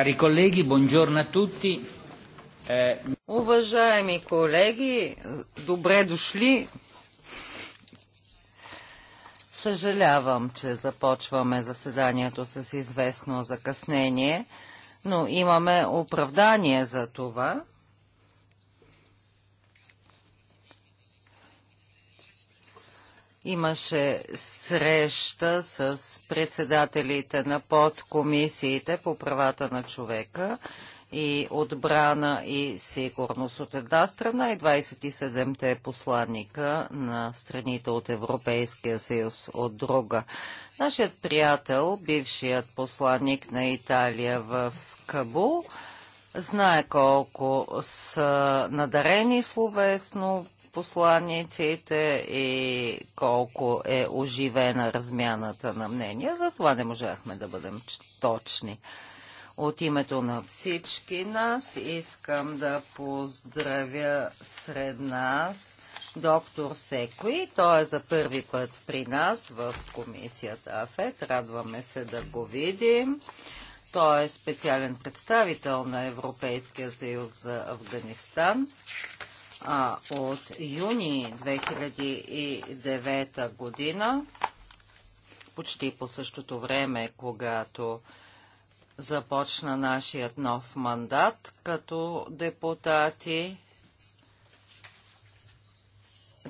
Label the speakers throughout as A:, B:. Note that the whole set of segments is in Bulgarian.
A: Cari colleghi, buongiorno a tutti. Eh, Уважаеми
B: колеги, добре дошли. Съжалявам, че започваме заседанието с известно закъснение, но имаме оправдание за това – имаше среща с председателите на подкомисиите по правата на човека и отбрана и сигурност от една страна и 27-те посланника на страните от Европейския съюз от друга. Нашият приятел, бившият посланник на Италия в Кабул, знае колко са надарени словесно, посланиците и колко е оживена размяната на мнения. Затова не можахме да бъдем точни. От името на всички нас искам да поздравя сред нас доктор Секои. Той е за първи път при нас в комисията АФЕТ. Радваме се да го видим. Той е специален представител на Европейския съюз за Афганистан а, от юни 2009 година, почти по същото време, когато започна нашият нов мандат като депутати,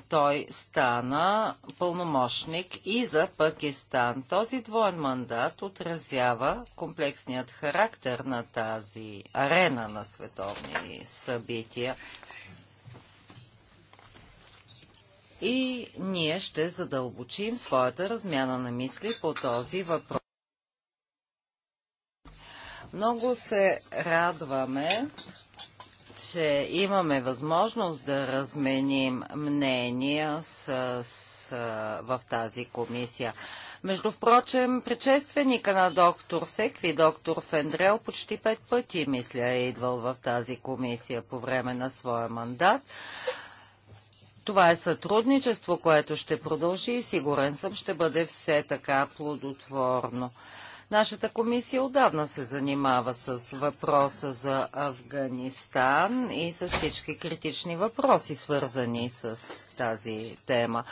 B: той стана пълномощник и за Пакистан. Този двоен мандат отразява комплексният характер на тази арена на световни събития, и ние ще задълбочим своята размяна на мисли по този въпрос. Много се радваме, че имаме възможност да разменим мнения с, с, в тази комисия. Между впрочем, предшественика на доктор Секви, доктор Фендрел, почти пет пъти, мисля, е идвал в тази комисия по време на своя мандат. Това е сътрудничество, което ще продължи и сигурен съм ще бъде все така плодотворно. Нашата комисия отдавна се занимава с въпроса за Афганистан и с всички критични въпроси, свързани с тази тема.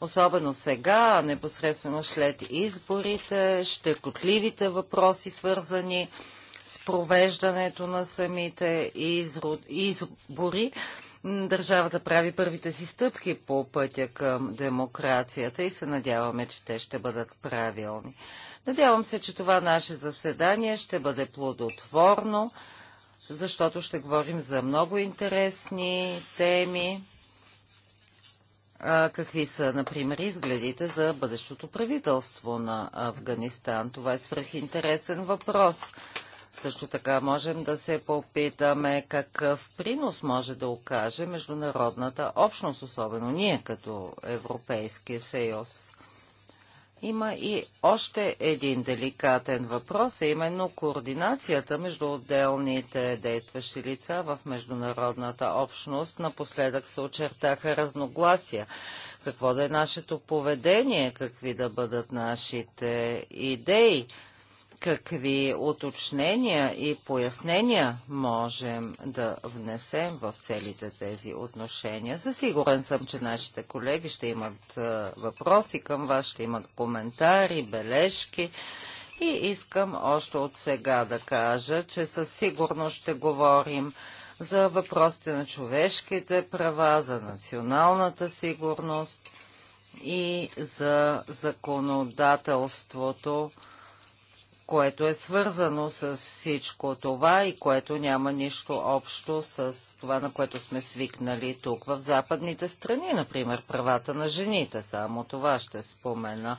B: Особено сега, непосредствено след изборите, щекотливите въпроси, свързани с провеждането на самите избори държавата прави първите си стъпки по пътя към демокрацията и се надяваме, че те ще бъдат правилни. Надявам се, че това наше заседание ще бъде плодотворно, защото ще говорим за много интересни теми. какви са, например, изгледите за бъдещото правителство на Афганистан? Това е свръхинтересен въпрос. Също така можем да се попитаме какъв принос може да окаже международната общност, особено ние като Европейски съюз. Има и още един деликатен въпрос, а именно координацията между отделните действащи лица в международната общност. Напоследък се очертаха разногласия. Какво да е нашето поведение, какви да бъдат нашите идеи какви уточнения и пояснения можем да внесем в целите тези отношения. Засигурен сигурен съм, че нашите колеги ще имат е, въпроси към вас, ще имат коментари, бележки. И искам още от сега да кажа, че със сигурност ще говорим за въпросите на човешките права, за националната сигурност и за законодателството което е свързано с всичко това и което няма нищо общо с това, на което сме свикнали тук в западните страни, например правата на жените. Само това ще спомена.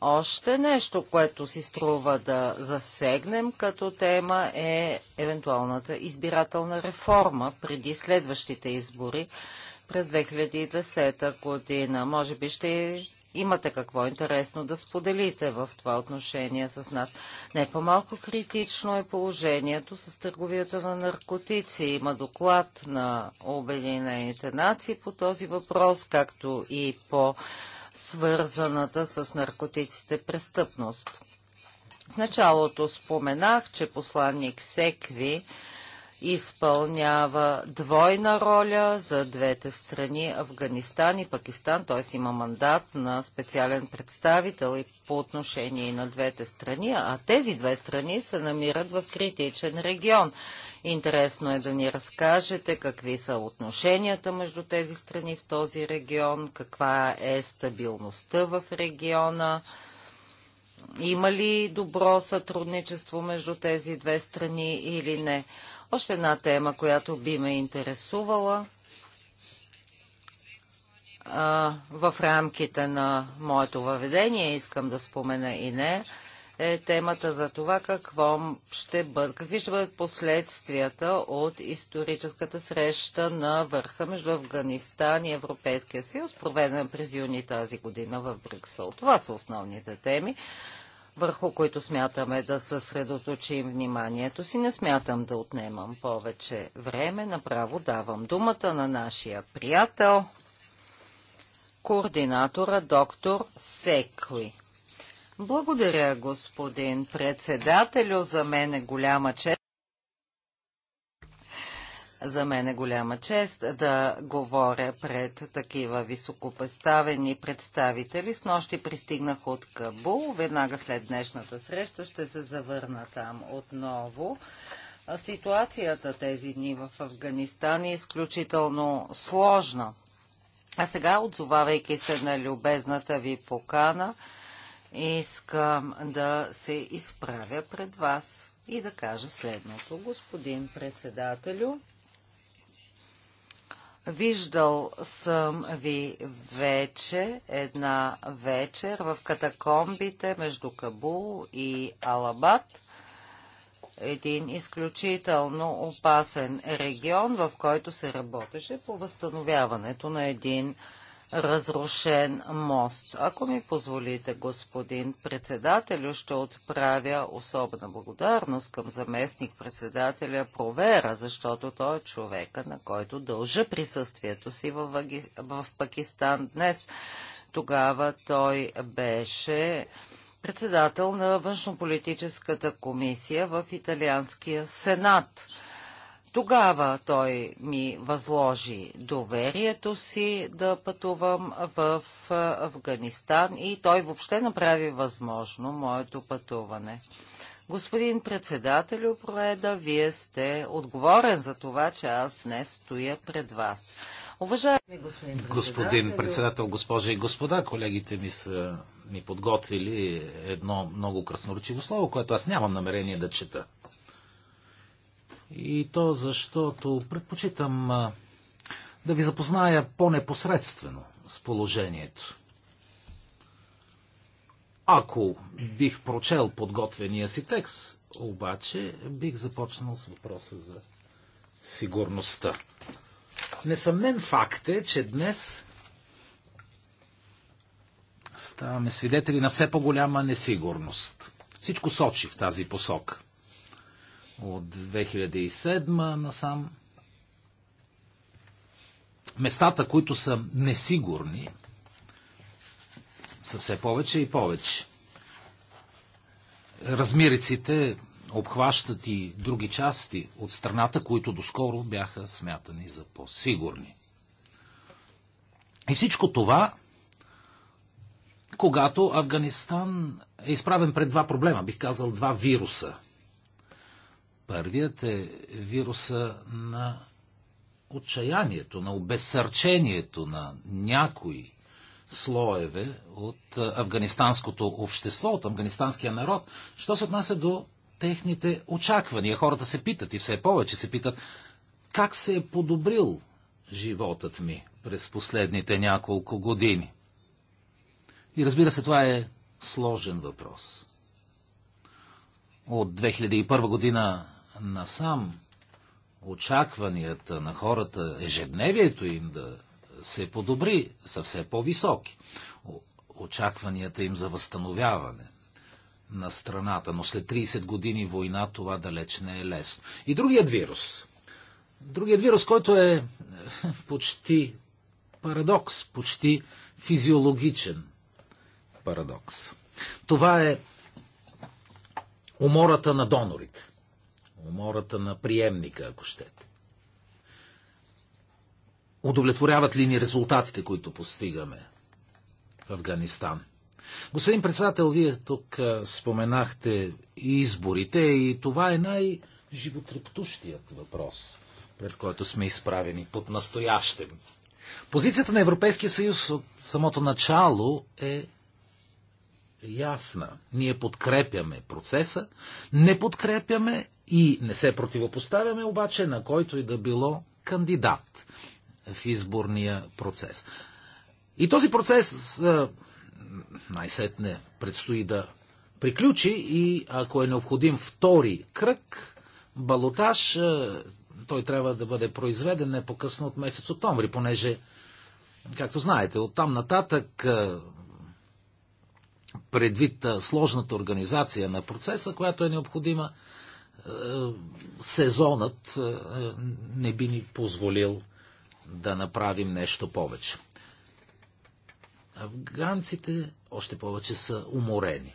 B: Още нещо, което си струва да засегнем като тема е евентуалната избирателна реформа преди следващите избори през 2010 година. Може би ще имате какво интересно да споделите в това отношение с нас. Не по-малко критично е положението с търговията на наркотици. Има доклад на Обединените нации по този въпрос, както и по свързаната с наркотиците престъпност. В началото споменах, че посланник Секви изпълнява двойна роля за двете страни Афганистан и Пакистан, т.е. има мандат на специален представител и по отношение на двете страни, а тези две страни се намират в критичен регион. Интересно е да ни разкажете какви са отношенията между тези страни в този регион, каква е стабилността в региона. Има ли добро сътрудничество между тези две страни или не? Още една тема, която би ме интересувала в рамките на моето въведение, искам да спомена и не, е темата за това какво ще бъд, какви ще бъдат последствията от историческата среща на върха между Афганистан и Европейския съюз, проведена през юни тази година в Брюксел. Това са основните теми върху които смятаме да съсредоточим вниманието си. Не смятам да отнемам повече време. Направо давам думата на нашия приятел, координатора доктор Секли. Благодаря, господин председателю. За мен е голяма чест. За мен е голяма чест да говоря пред такива високопоставени представители. С нощи пристигнах от Кабул. Веднага след днешната среща ще се завърна там отново. Ситуацията тези дни в Афганистан е изключително сложна. А сега, отзовавайки се на любезната ви покана, искам да се изправя пред вас и да кажа следното. Господин председателю, Виждал съм ви вече, една вечер, в катакомбите между Кабул и Алабад. Един изключително опасен регион, в който се работеше по възстановяването на един разрушен мост. Ако ми позволите, господин председател, ще отправя особена благодарност към заместник председателя Провера, защото той е човека, на който дължа присъствието си в, в Пакистан днес. Тогава той беше председател на външнополитическата комисия в Италианския сенат. Тогава той ми възложи доверието си да пътувам в Афганистан и той въобще направи възможно моето пътуване. Господин председателю Проеда, вие сте отговорен за това, че аз днес стоя пред вас. Уважаеми господин председател... Господин председател,
A: госпожи и господа, колегите ми са ми подготвили едно много красноречиво слово, което аз нямам намерение да чета. И то защото предпочитам да ви запозная по-непосредствено с положението. Ако бих прочел подготвения си текст, обаче бих започнал с въпроса за сигурността. Несъмнен факт е, че днес ставаме свидетели на все по-голяма несигурност. Всичко сочи в тази посока от 2007 насам. Местата, които са несигурни, са все повече и повече. Размериците обхващат и други части от страната, които доскоро бяха смятани за по-сигурни. И всичко това, когато Афганистан е изправен пред два проблема, бих казал два вируса – Първият е вируса на отчаянието, на обесърчението на някои слоеве от афганистанското общество, от афганистанския народ, що се отнася до техните очаквания. Хората се питат и все повече се питат как се е подобрил животът ми през последните няколко години. И разбира се, това е сложен въпрос. От 2001 година насам очакванията на хората, ежедневието им да се подобри, са все по-високи. Очакванията им за възстановяване на страната, но след 30 години война това далеч не е лесно. И другият вирус. Другият вирус, който е почти парадокс, почти физиологичен парадокс. Това е умората на донорите умората на приемника, ако щете. Удовлетворяват ли ни резултатите, които постигаме в Афганистан? Господин председател, вие тук споменахте изборите и това е най-животрептущият въпрос, пред който сме изправени под настоящем. Позицията на Европейския съюз от самото начало е ясна. Ние подкрепяме процеса, не подкрепяме и не се противопоставяме обаче на който и да било кандидат в изборния процес. И този процес най-сетне предстои да приключи и ако е необходим втори кръг, балотаж, той трябва да бъде произведен не по-късно от месец октомври, понеже, както знаете, оттам нататък предвид сложната организация на процеса, която е необходима, е, сезонът е, не би ни позволил да направим нещо повече. Афганците още повече са уморени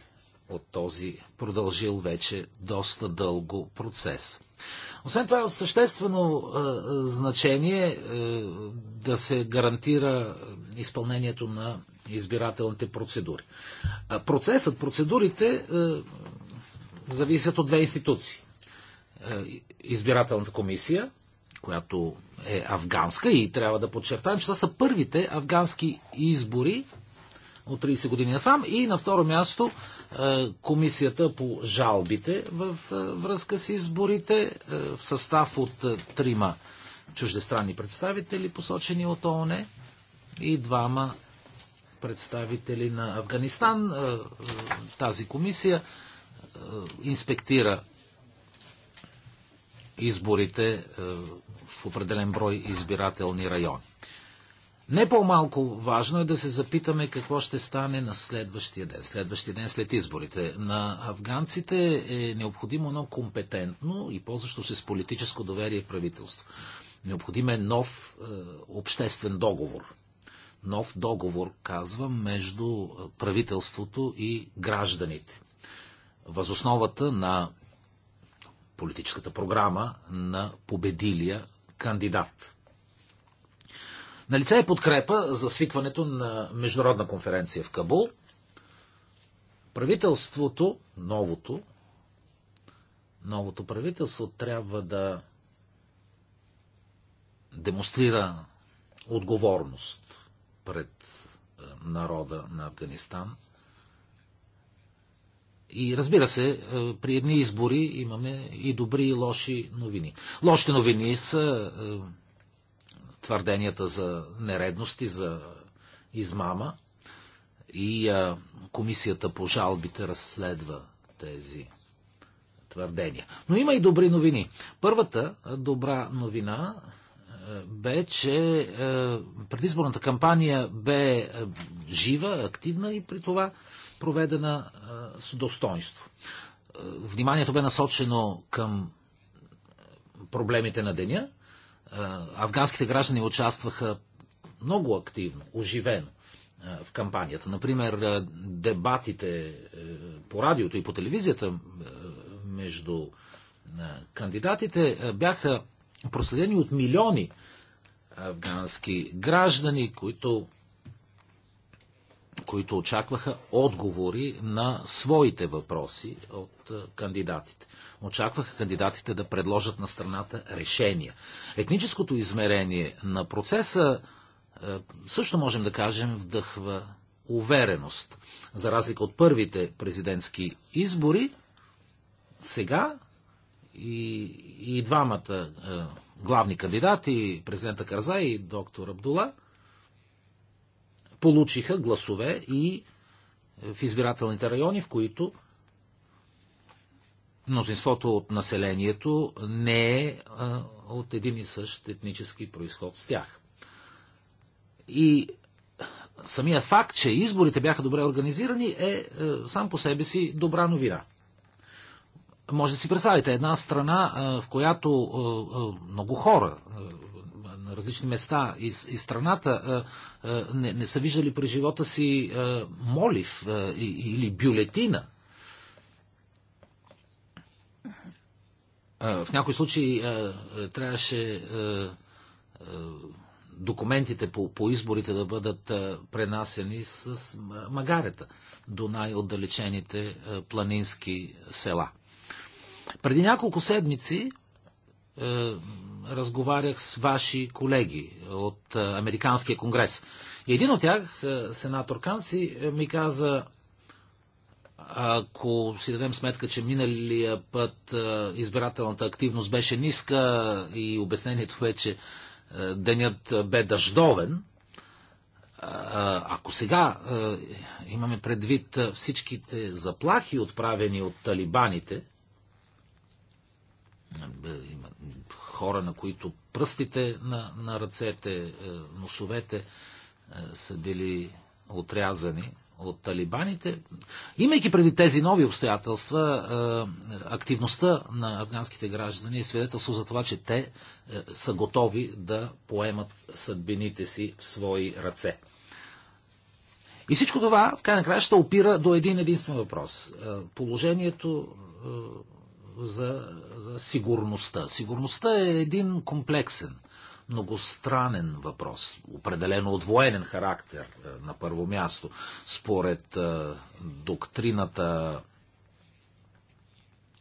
A: от този продължил вече доста дълго процес. Освен това е от съществено е, значение е, да се гарантира изпълнението на избирателните процедури. Процесът, процедурите е, зависят от две институции е, избирателната комисия, която е афганска и трябва да подчертаем, че това са първите афгански избори от 30 години насам и на второ място е, комисията по жалбите в е, връзка с изборите в състав от трима чуждестранни представители, посочени от ООН и двама представители на Афганистан. Тази комисия инспектира изборите е, в определен брой избирателни райони. Не по-малко важно е да се запитаме какво ще стане на следващия ден, следващия ден след изборите. На афганците е необходимо едно компетентно и ползващо се с политическо доверие правителство. Необходим е нов е, обществен договор. Нов договор, казвам, между правителството и гражданите. Възосновата на политическата програма на победилия кандидат. Налица е подкрепа за свикването на международна конференция в Кабул. Правителството, новото, новото правителство трябва да демонстрира отговорност пред е, народа на Афганистан. И разбира се, е, при едни избори имаме и добри и лоши новини. Лошите новини са е, твърденията за нередности, за измама и е, комисията по жалбите разследва тези твърдения. Но има и добри новини. Първата добра новина бе, че предизборната кампания бе жива, активна и при това проведена с достоинство. Вниманието бе насочено към проблемите на деня. Афганските граждани участваха много активно, оживено в кампанията. Например, дебатите е, по радиото и по телевизията между кандидатите бяха проследени от милиони афгански граждани, които които очакваха отговори на своите въпроси от кандидатите. Очакваха кандидатите да предложат на страната решения. Етническото измерение на процеса също можем да кажем вдъхва увереност. За разлика от първите президентски избори, сега и, и двамата главни кандидати, президента Карзай и доктор Абдула, получиха гласове и е, в избирателните райони, в които мнозинството от населението не е, е от един и същ етнически происход с тях. И самият факт, че изборите бяха добре организирани, е, е сам по себе си добра новина. Може да си представите една страна, в която много хора на различни места из, из страната не, не са виждали през живота си молив или бюлетина. В някои случаи трябваше документите по, по изборите да бъдат пренасени с магарета до най-отдалечените планински села. Преди няколко седмици разговарях с ваши колеги от е, Американския конгрес. И един от тях, е, сенатор Канси, е, ми каза, ако си дадем сметка, че миналия път избирателната активност беше ниска и обяснението е, че денят бе дъждовен, ако сега имаме предвид всичките заплахи, отправени от талибаните, хора, на които пръстите на, на ръцете, е, носовете е, са били отрязани от талибаните. Имайки преди тези нови обстоятелства, е, активността на афганските граждани е свидетелство за това, че те са готови да поемат съдбините си в свои ръце. И всичко това, в край на края, ще опира до един единствен въпрос. Положението за, за сигурността. Сигурността е един комплексен, многостранен въпрос, определено военен характер е, на първо място. Според е, доктрината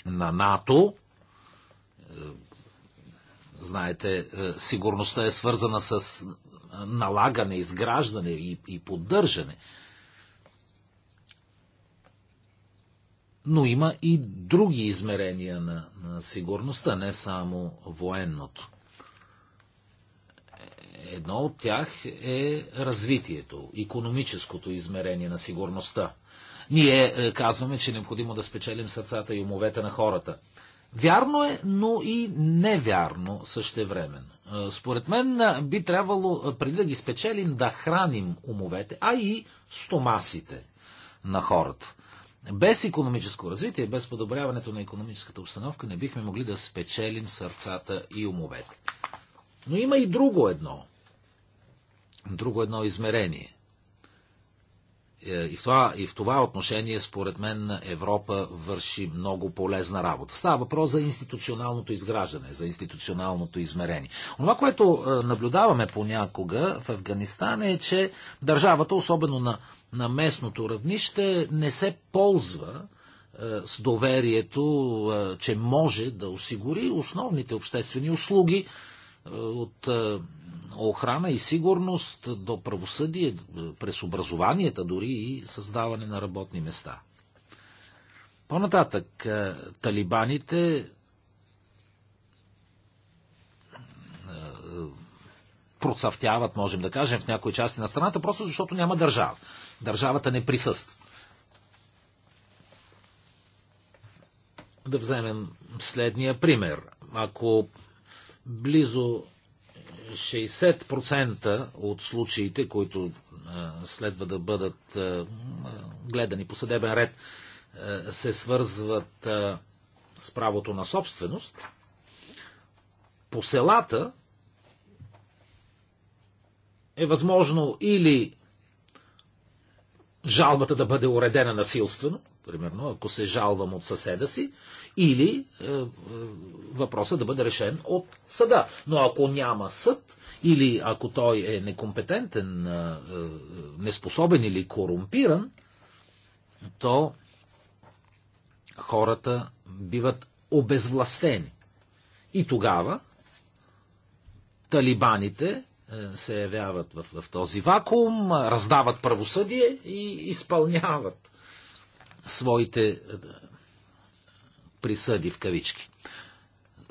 A: на НАТО, е, знаете, сигурността е свързана с налагане, изграждане и, и поддържане Но има и други измерения на, на сигурността, не само военното. Едно от тях е развитието, економическото измерение на сигурността. Ние е, казваме, че е необходимо да спечелим сърцата и умовете на хората. Вярно е, но и невярно същевременно. Е, според мен е, би трябвало, преди да ги спечелим, да храним умовете, а и стомасите на хората. Без економическо развитие, без подобряването на економическата обстановка не бихме могли да спечелим сърцата и умовете. Но има и друго едно. Друго едно измерение. Е, и в, това, и в това отношение, според мен, Европа върши много полезна работа. Става въпрос за институционалното изграждане, за институционалното измерение. Това, което е, наблюдаваме понякога в Афганистан е, че държавата, особено на, на местното равнище, не се ползва е, с доверието, че може да осигури основните обществени услуги от охрана и сигурност до правосъдие, през образованията дори и създаване на работни места. По-нататък, е, талибаните е, процъфтяват, можем да кажем, в някои части на страната, просто защото няма държава. Държавата не присъства. Да вземем следния пример. Ако близо 60% от случаите, които следва да бъдат гледани по съдебен ред, се свързват с правото на собственост. По селата е възможно или жалбата да бъде уредена насилствено, примерно, ако се жалвам от съседа си, или е, е, въпросът да бъде решен от съда. Но ако няма съд, или ако той е некомпетентен, е, е, неспособен или корумпиран, то хората биват обезвластени. И тогава талибаните е, се явяват в, в този вакуум, раздават правосъдие и изпълняват своите е, присъди в кавички.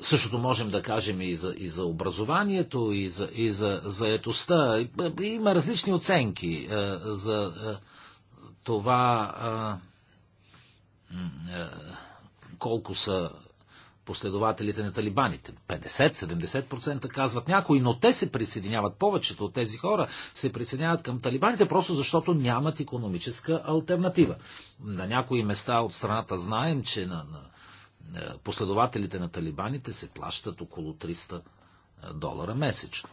A: Същото можем да кажем и за, и за образованието, и за, и за заетостта. Е, има различни оценки е, за това колко са последователите на талибаните. 50-70% казват някои, но те се присъединяват, повечето от тези хора се присъединяват към талибаните, просто защото нямат економическа альтернатива. На някои места от страната знаем, че на, на последователите на талибаните се плащат около 300 е, долара месечно.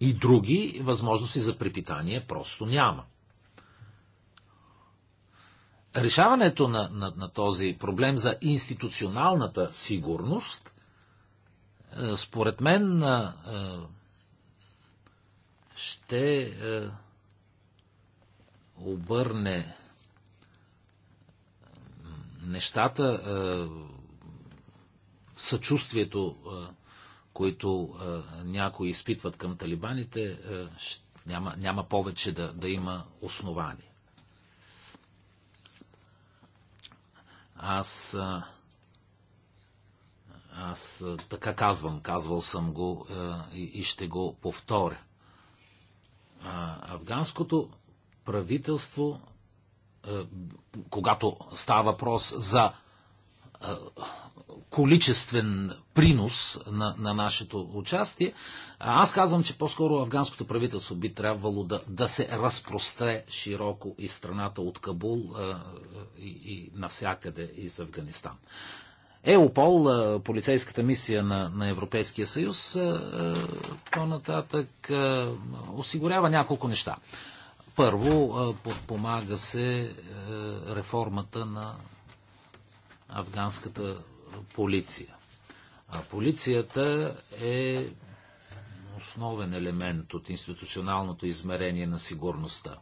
A: И други възможности за препитание просто няма решаването на, на, на този проблем за институционалната сигурност, е, според мен, е, ще е, обърне нещата, съчувствието, които някои изпитват към талибаните, няма, няма повече да, да има основание. Аз, аз така казвам, казвал съм го и, ще го повторя. афганското правителство, когато става въпрос за количествен принос на, на нашето участие. Аз казвам, че по-скоро афганското правителство би трябвало да, да се разпростре широко из страната от Кабул а, и, и навсякъде из Афганистан. Еопол, полицейската мисия на, на Европейския съюз, по-нататък осигурява няколко неща. Първо, подпомага се реформата на афганската полиция. А полицията е основен елемент от институционалното измерение на сигурността.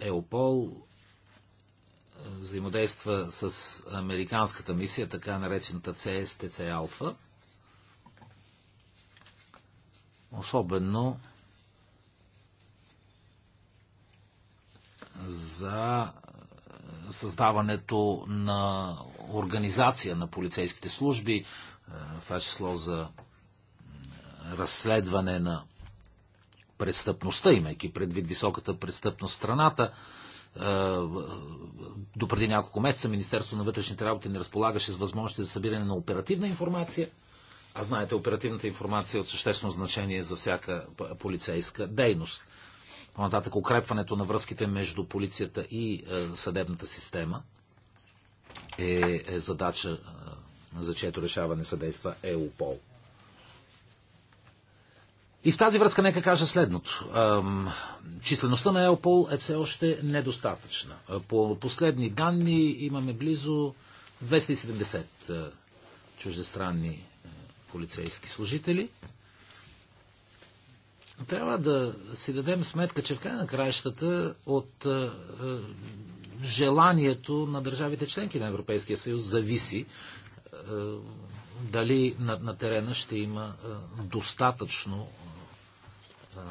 A: Еопол е, взаимодейства с американската мисия, така наречената CSTC Алфа. Особено за създаването на организация на полицейските служби, в е, това число за разследване на престъпността, имайки предвид високата престъпност в страната. Е, До преди няколко месеца Министерството на вътрешните работи не разполагаше с възможности за събиране на оперативна информация, а знаете, оперативната информация е от съществено значение за всяка полицейска дейност по-нататък укрепването на връзките между полицията и е, съдебната система е, е задача, е, за чието решаване съдейства ЕУПОЛ. И в тази връзка нека кажа следното. Числеността на ЕОПОЛ е все още недостатъчна. Е, по последни данни имаме близо 270 чуждестранни полицейски служители – трябва да си дадем сметка, че в край на краищата от е, е, желанието на държавите членки на Европейския съюз зависи е, дали на, на терена ще има е, достатъчно е, е,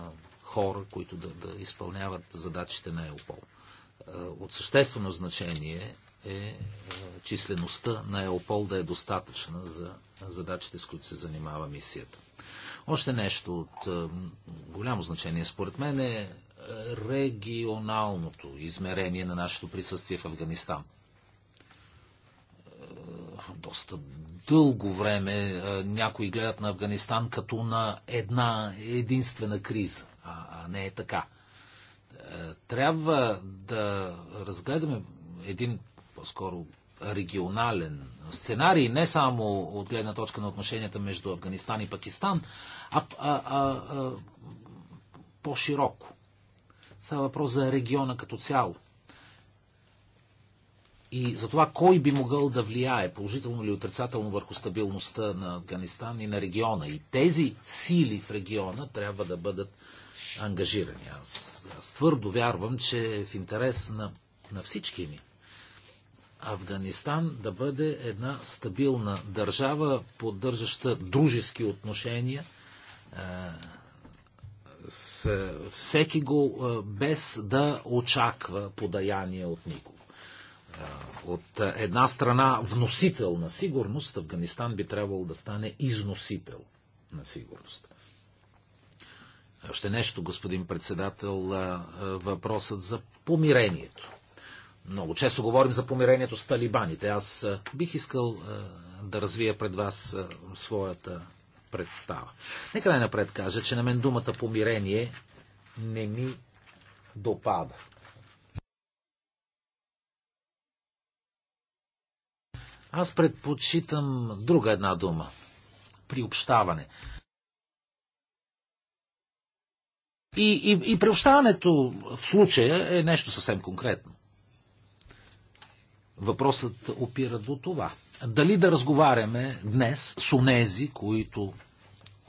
A: хора, които да, да изпълняват задачите на ЕОПОЛ. Е, от съществено значение е, е числеността на ЕОПОЛ да е достатъчна за задачите, с които се занимава мисията. Още нещо от е, голямо значение според мен е, е регионалното измерение на нашето присъствие в Афганистан. Е, доста дълго време някои гледат на Афганистан като на една единствена криза, а не е така. Трябва да разгледаме един по-скоро регионален сценарий, не само от гледна точка на отношенията между Афганистан и Пакистан, а, а, а, а по-широко. Става въпрос за региона като цяло. И за това кой би могъл да влияе положително или отрицателно върху стабилността на Афганистан и на региона. И тези сили в региона трябва да бъдат ангажирани. Аз, аз твърдо вярвам, че е в интерес на, на всички ни Афганистан да бъде една стабилна държава, поддържаща дружески отношения е, с всеки го, е, без да очаква подаяние от никого. Е, от една страна вносител на сигурност, Афганистан би трябвало да стане износител на сигурност. Още нещо, господин председател, въпросът за помирението много често говорим за помирението с талибаните. Аз бих искал да развия пред вас своята представа. Нека най-напред кажа, че на мен думата помирение не ми допада. Аз предпочитам друга една дума приобщаване. И, и, и приобщаването в случая е нещо съвсем конкретно. Въпросът опира до това. Дали да разговаряме днес с онези, които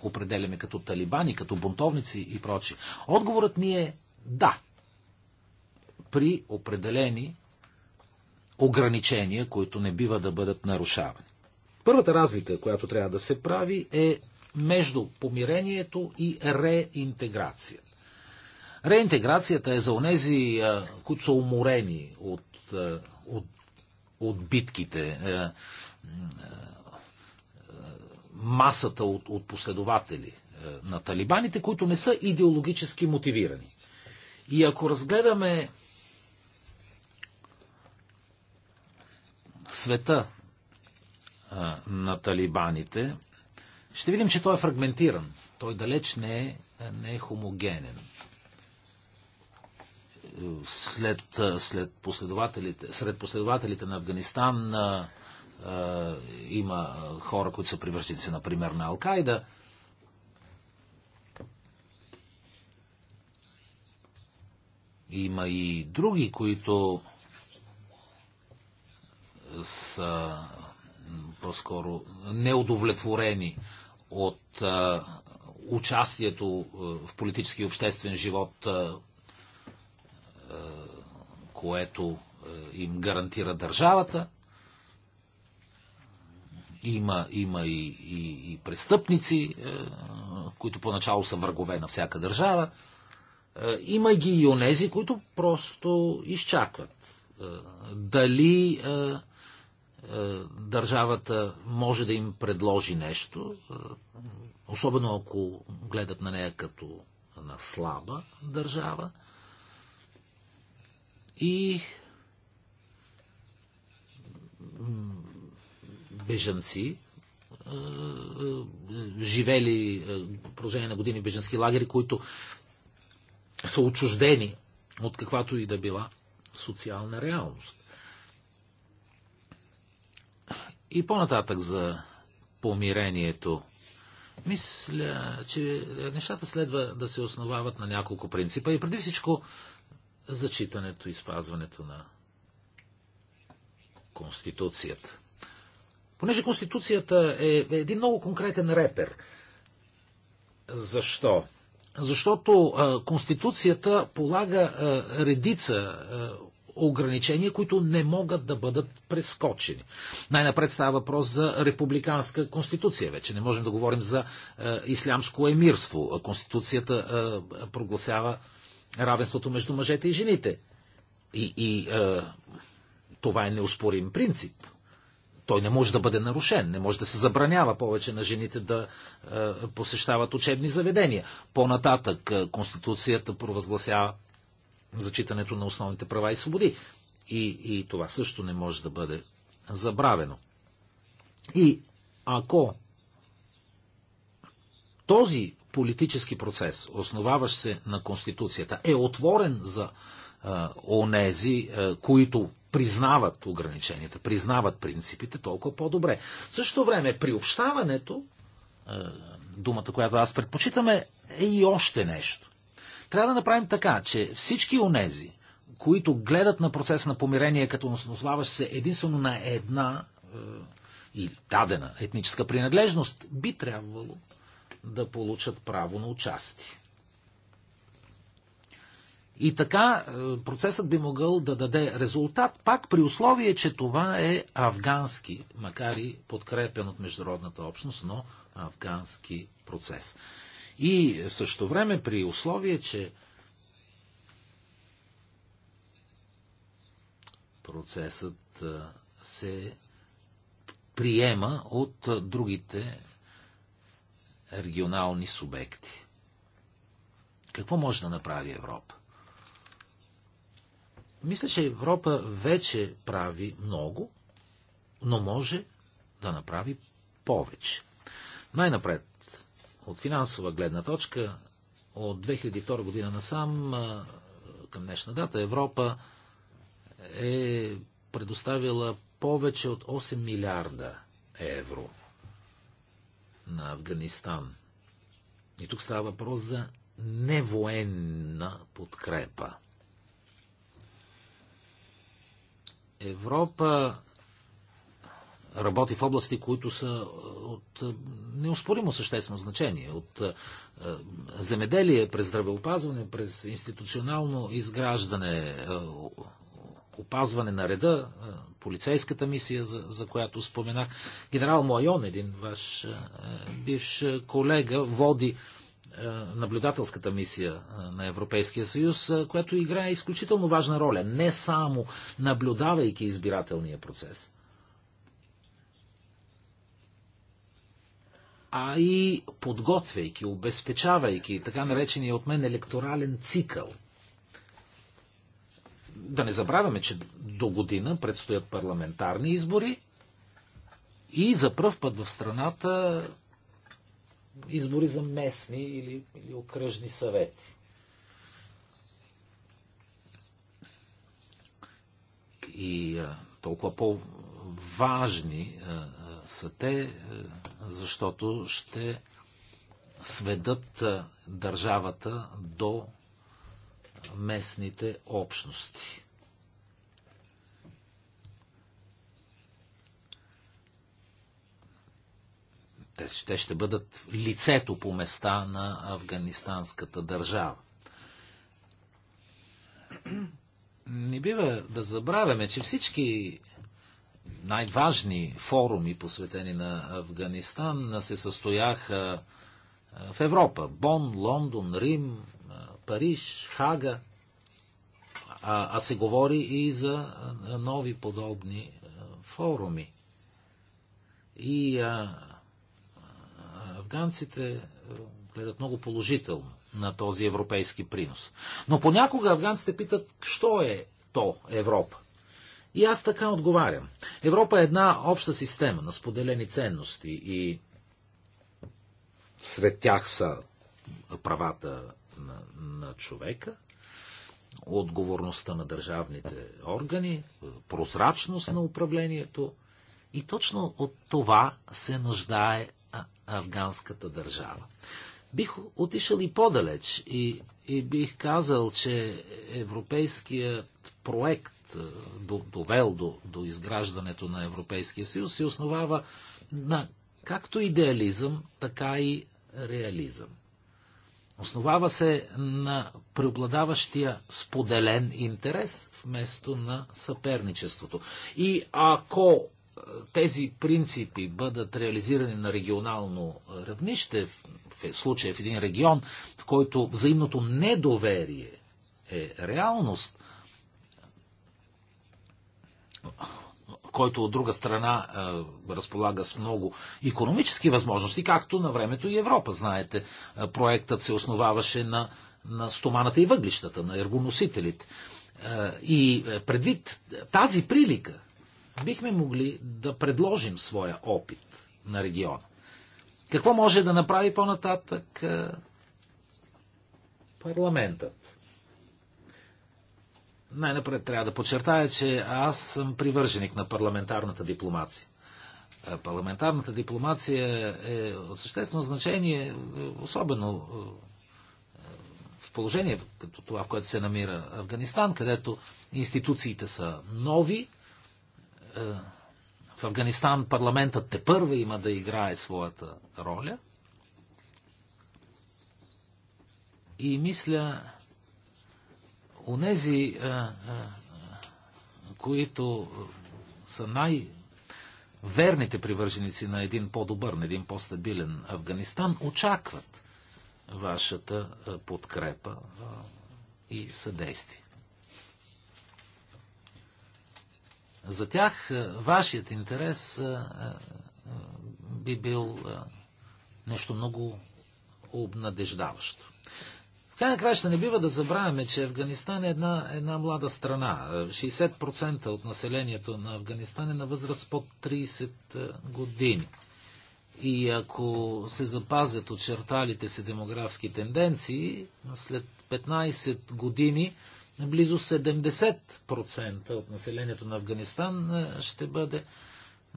A: определяме като талибани, като бунтовници и прочи? Отговорът ми е да. При определени ограничения, които не бива да бъдат нарушавани. Първата разлика, която трябва да се прави е между помирението и реинтеграцията. Реинтеграцията е за онези, които са уморени от, от от битките, е, е, е, масата от, от последователи на талибаните, които не са идеологически мотивирани. И ако разгледаме света на талибаните, ще видим, че той е фрагментиран. Той далеч не е, не е хомогенен след, след последователите, сред последователите на Афганистан а, а, има хора, които са привърженици, например, на Алкайда. Има и други, които са по-скоро неудовлетворени от а, участието в политически и обществен живот е, което е, им гарантира държавата. Има, има и, и, и престъпници, е, които поначало са врагове на всяка държава. Има ги и онези, които просто изчакват. Дали държавата може да им предложи нещо, особено ако гледат на нея като на слаба държава, и бежанци, живели в продължение на години бежански беженски лагери, които са отчуждени от каквато и да била социална реалност. И по-нататък за помирението. Мисля, че нещата следва да се основават на няколко принципа и преди всичко зачитането и спазването на Конституцията. Понеже Конституцията е, е един много конкретен репер. Защо? Защото Конституцията полага редица ограничения, които не могат да бъдат прескочени. Най-напред става въпрос за републиканска конституция вече. Не можем да говорим за е, ислямско емирство. Конституцията е, прогласява равенството между мъжете и жените. И, и е, това е неоспорим принцип. Той не може да бъде нарушен, не може да се забранява повече на жените да е, посещават учебни заведения. По-нататък е, Конституцията провъзгласява зачитането на основните права и свободи. И, и това също не може да бъде забравено. И ако този политически процес, основаващ се на Конституцията, е отворен за а, онези, а, които признават ограниченията, признават принципите, толкова по-добре. В същото време, приобщаването, а, думата, която аз предпочитаме, е и още нещо. Трябва да направим така, че всички онези, които гледат на процес на помирение като основаващ се единствено на една или дадена етническа принадлежност, би трябвало да получат право на участие. И така е, процесът би могъл да даде резултат, пак при условие, че това е афгански, макар и подкрепен от международната общност, но афгански процес. И в същото време при условие, че процесът е, се приема от другите регионални субекти. Какво може да направи Европа? Мисля, че Европа вече прави много, но може да направи повече. Най-напред, от финансова гледна точка, от 2002 година насам към днешна дата Европа е предоставила повече от 8 милиарда евро на Афганистан. И тук става въпрос за невоенна подкрепа. Европа работи в области, които са от неоспоримо съществено значение. От земеделие през здравеопазване, през институционално изграждане, опазване на реда, полицейската мисия, за, за която споменах. Генерал Майон, един ваш бивш колега, води наблюдателската мисия на Европейския съюз, която играе изключително важна роля, не само наблюдавайки избирателния процес, а и подготвяйки, обезпечавайки така наречения от мен електорален цикъл – да не забравяме, че до година предстоят парламентарни избори и за пръв път в страната избори за местни или, или окръжни съвети. И а, толкова по-важни са те, а, защото ще сведат а, държавата до местните общности. Те ще, ще бъдат лицето по места на афганистанската държава. Не бива да забравяме, че всички най-важни форуми, посветени на Афганистан, се състояха в Европа. Бон, Лондон, Рим, Париж, Хага, а, а се говори и за нови подобни форуми. И а, афганците гледат много положително на този европейски принос. Но понякога афганците питат, що е то Европа? И аз така отговарям. Европа е една обща система на споделени ценности и сред тях са правата на, на човека, отговорността на държавните органи, прозрачност на управлението. И точно от това се нуждае афганската държава. Бих отишъл и по-далеч и, и бих казал, че европейският проект, е, довел до, до изграждането на Европейския съюз, се основава на както идеализъм, така и реализъм. Основава се на преобладаващия споделен интерес вместо на съперничеството. И ако е, тези принципи бъдат реализирани на регионално е, равнище, в случая в един регион, в който взаимното недоверие е реалност, който от друга страна е, разполага с много економически възможности, както на времето и Европа. Знаете, е, проектът се основаваше на, на стоманата и въглищата, на ергоносителите. Е, и предвид тази прилика, бихме могли да предложим своя опит на региона. Какво може да направи по-нататък парламентът? Най-напред трябва да подчертая, че аз съм привърженик на парламентарната дипломация. Е, парламентарната дипломация е от съществено значение, е, особено е, в положение като това, в което се намира Афганистан, където институциите са нови. В Афганистан парламентът те първа има да играе своята роля. И мисля, Онези, е, е, които са най- верните привърженици на един по-добър, на един по-стабилен Афганистан очакват вашата е, подкрепа и съдействие. За тях вашият интерес би бил нещо много обнадеждаващо крайна краща не бива да забравяме, че Афганистан е една, една млада страна. 60% от населението на Афганистан е на възраст под 30 години. И ако се запазят очерталите се демографски тенденции, след 15 години близо 70% от населението на Афганистан ще бъде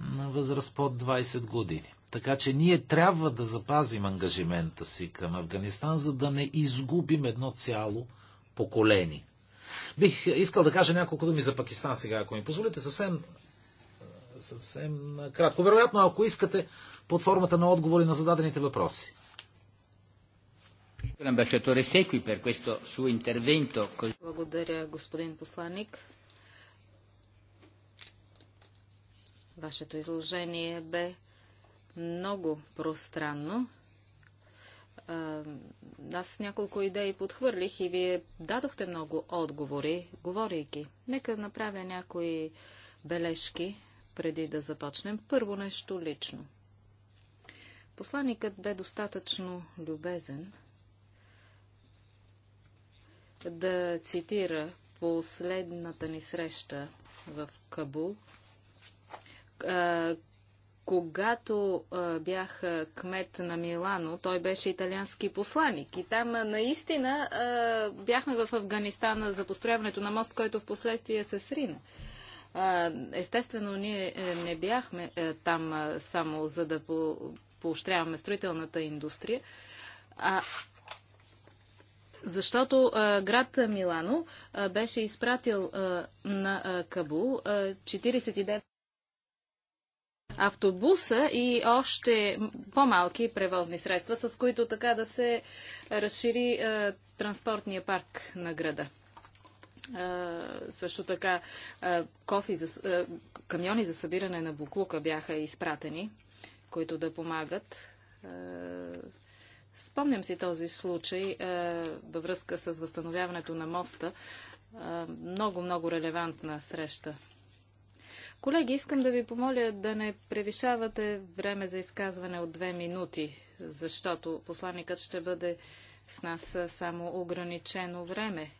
A: на възраст под 20 години. Така че ние трябва да запазим ангажимента си към Афганистан, за да не изгубим едно цяло поколение. Бих искал да кажа няколко думи за Пакистан сега, ако ми позволите, съвсем, съвсем кратко. Вероятно, ако искате, под формата на отговори на зададените въпроси.
C: Благодаря, господин посланник. Вашето изложение бе много пространно. Аз няколко идеи подхвърлих и вие дадохте много отговори, говорейки. Нека направя някои бележки преди да започнем. Първо нещо лично. Посланникът бе достатъчно любезен да цитира последната ни среща в Кабул, когато а, бях кмет на Милано, той беше италиански посланик И там а, наистина бяхме в Афганистан за построяването на мост, който в последствие се срина. Естествено, ние е, не бяхме е, там само за да по поощряваме строителната индустрия, а защото а, град Милано а, беше изпратил а, на а, Кабул а, 49 автобуса и още по-малки превозни средства, с които така да се разшири е, транспортния парк на града. Е, също така е, кофи за, е, камиони за събиране на буклука бяха изпратени, които да помагат. Е, спомням си този случай е, във връзка с възстановяването на моста. Много, много релевантна среща Колеги, искам да ви помоля да не превишавате време за изказване от две минути, защото посланникът ще бъде с нас само ограничено време.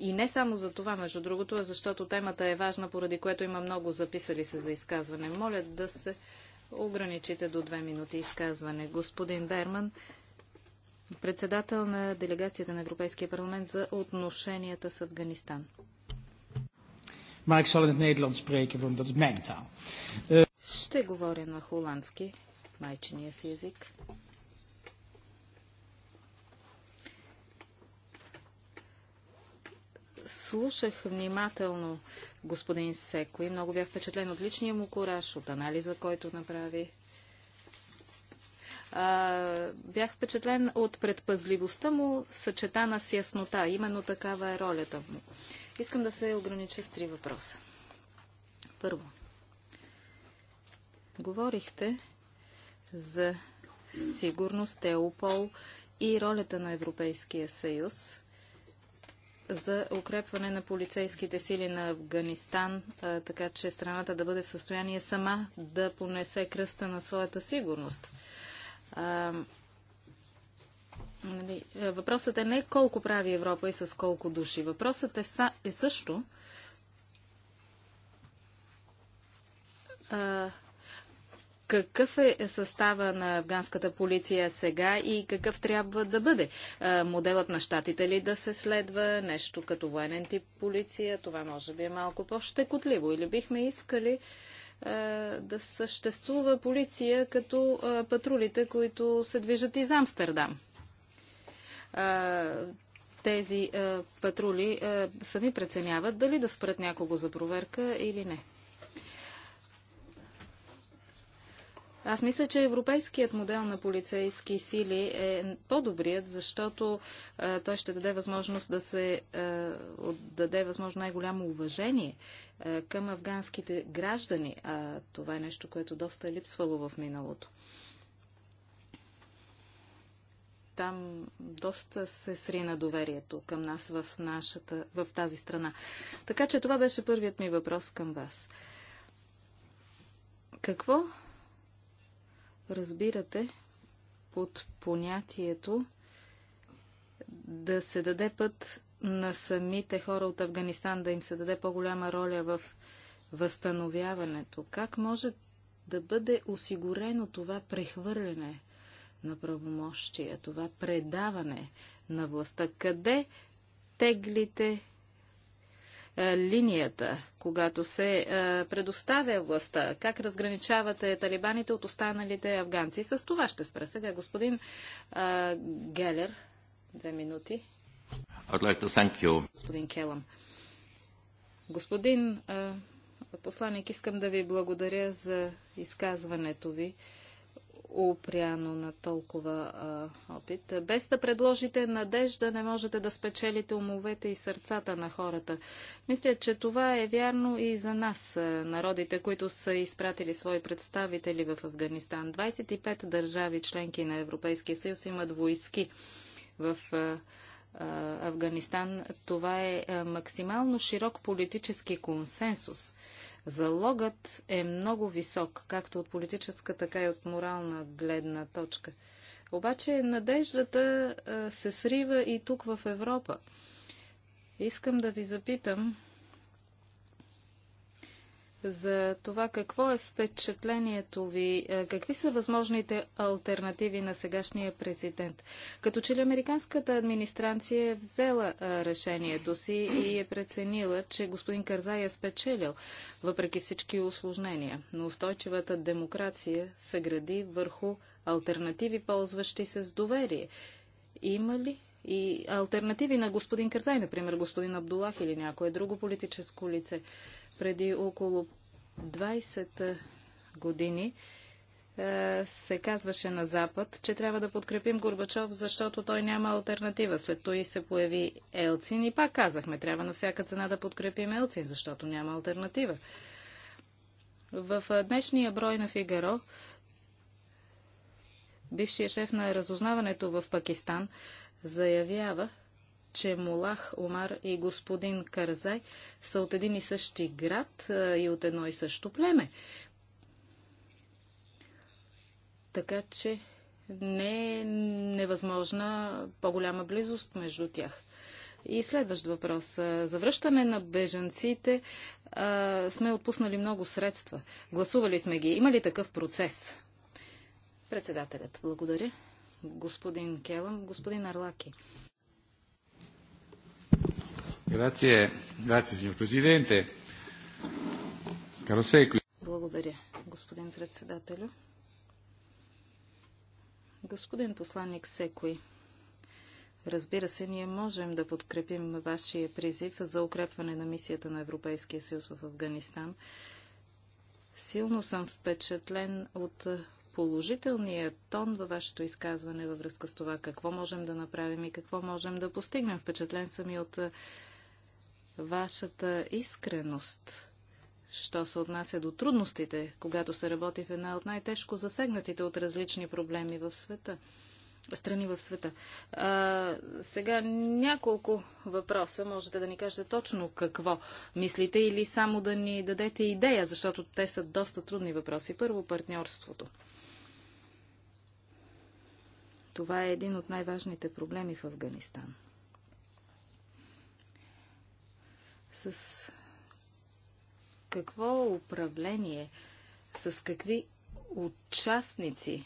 C: И не само за това, между другото, а защото темата е важна, поради което има много записали се за изказване. Моля да се ограничите до две минути изказване. Господин Берман, председател на делегацията на Европейския парламент за отношенията с Афганистан.
A: Maar ik zal in het Nederlands spreken, want dat is mijn taal.
C: Ще говоря на холандски, майчиния си език. Слушах внимателно господин Секо и много бях впечатлен от личния му кораж, от анализа, който направи. А, бях впечатлен от предпазливостта му, съчетана с яснота. Именно такава е ролята му. А, Искам да се огранича с три въпроса. Първо, говорихте за сигурност, Теопол и ролята на Европейския съюз за укрепване на полицейските сили на Афганистан, така че страната да бъде в състояние сама да понесе кръста на своята сигурност. Нали, е, въпросът е не колко прави Европа и с колко души. Въпросът е, са, е също а, какъв е състава на афганската полиция сега и какъв трябва да бъде? А, моделът на щатите ли да се следва, нещо като военен тип полиция, това може би е малко по-щекотливо. Или бихме искали а, да съществува полиция като патрулите, които се движат из Амстердам тези патрули сами преценяват дали да спрат някого за проверка или не. Аз мисля, че европейският модел на полицейски сили е по-добрият, защото а, той ще даде възможност да се а, даде възможно най-голямо уважение а, към афганските граждани. А това е нещо, което доста е липсвало в миналото. Там доста се срина доверието към нас в, нашата, в тази страна. Така че това беше първият ми въпрос към вас. Какво разбирате под понятието да се даде път на самите хора от Афганистан, да им се даде по-голяма роля в възстановяването? Как може да бъде осигурено това прехвърляне на правомощия, това предаване на властта. Къде теглите е, линията, когато се е, предоставя властта? Как разграничавате талибаните от останалите афганци? С това ще спра сега. Господин е, Гелер, две минути.
A: Like
C: Господин Келъм. Господин е, посланник, искам да ви благодаря за изказването ви упряно на толкова а, опит. Без да предложите надежда, не можете да спечелите умовете и сърцата на хората. Мисля, че това е вярно и за нас, народите, които са изпратили свои представители в Афганистан. 25 държави, членки на Европейския съюз, имат войски в а, Афганистан. Това е максимално широк политически консенсус Залогът е много висок, както от политическа, така и от морална гледна точка. Обаче надеждата се срива и тук в Европа. Искам да ви запитам за това какво е впечатлението ви, е, какви са възможните альтернативи на сегашния президент. Като че ли американската администрация е взела е, решението си и е преценила, че господин Карзай е спечелил, въпреки всички осложнения. Но устойчивата демокрация се гради върху альтернативи, ползващи се с доверие. Има ли и альтернативи на господин Карзай, например господин Абдулах или някое друго политическо лице? Преди около 20 години е, се казваше на Запад, че трябва да подкрепим Горбачов, защото той няма альтернатива. След той се появи Елцин и пак казахме, трябва на всяка цена да подкрепим Елцин, защото няма альтернатива. В е, днешния брой на Фигаро, бившия шеф на разузнаването в Пакистан заявява, че Молах Омар и господин Карзай са от един и същи град и от едно и също племе. Така че не е невъзможна по-голяма близост между тях. И следващ въпрос. За връщане на бежанците а, сме отпуснали много средства. Гласували сме ги. Има ли такъв процес? Председателят, благодаря. Господин Келъм, господин Арлаки.
A: Grazie, grazie, signor Presidente. Caro
C: Благодаря, господин председателю. Господин посланник Секуи, разбира се, ние можем да подкрепим вашия призив за укрепване на мисията на Европейския съюз в Афганистан. Силно съм впечатлен от положителния тон във вашето изказване във връзка с това какво можем да направим и какво можем да постигнем. Впечатлен съм и от вашата искреност, що се отнася до трудностите, когато се работи в една от най-тежко засегнатите от различни проблеми в света страни в света. А, сега няколко въпроса. Можете да ни кажете точно какво мислите или само да ни дадете идея, защото те са доста трудни въпроси. Първо, партньорството. Това е един от най-важните проблеми в Афганистан. С какво управление, с какви участници,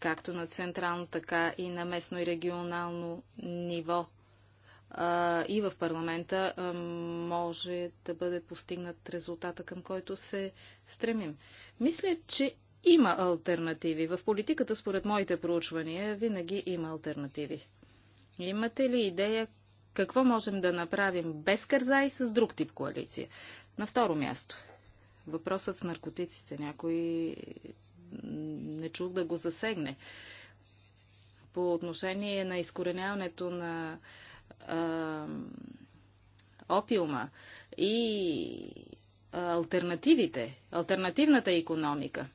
C: както на централно, така и на местно и регионално ниво, и в парламента може да бъде постигнат резултата, към който се стремим. Мисля, че има альтернативи. В политиката, според моите проучвания, винаги има альтернативи. Имате ли идея какво можем да направим без Кързай с друг тип коалиция. На второ място, въпросът с наркотиците. Някой не чух да го засегне. По отношение на изкореняването на а, опиума и альтернативите, альтернативната економика.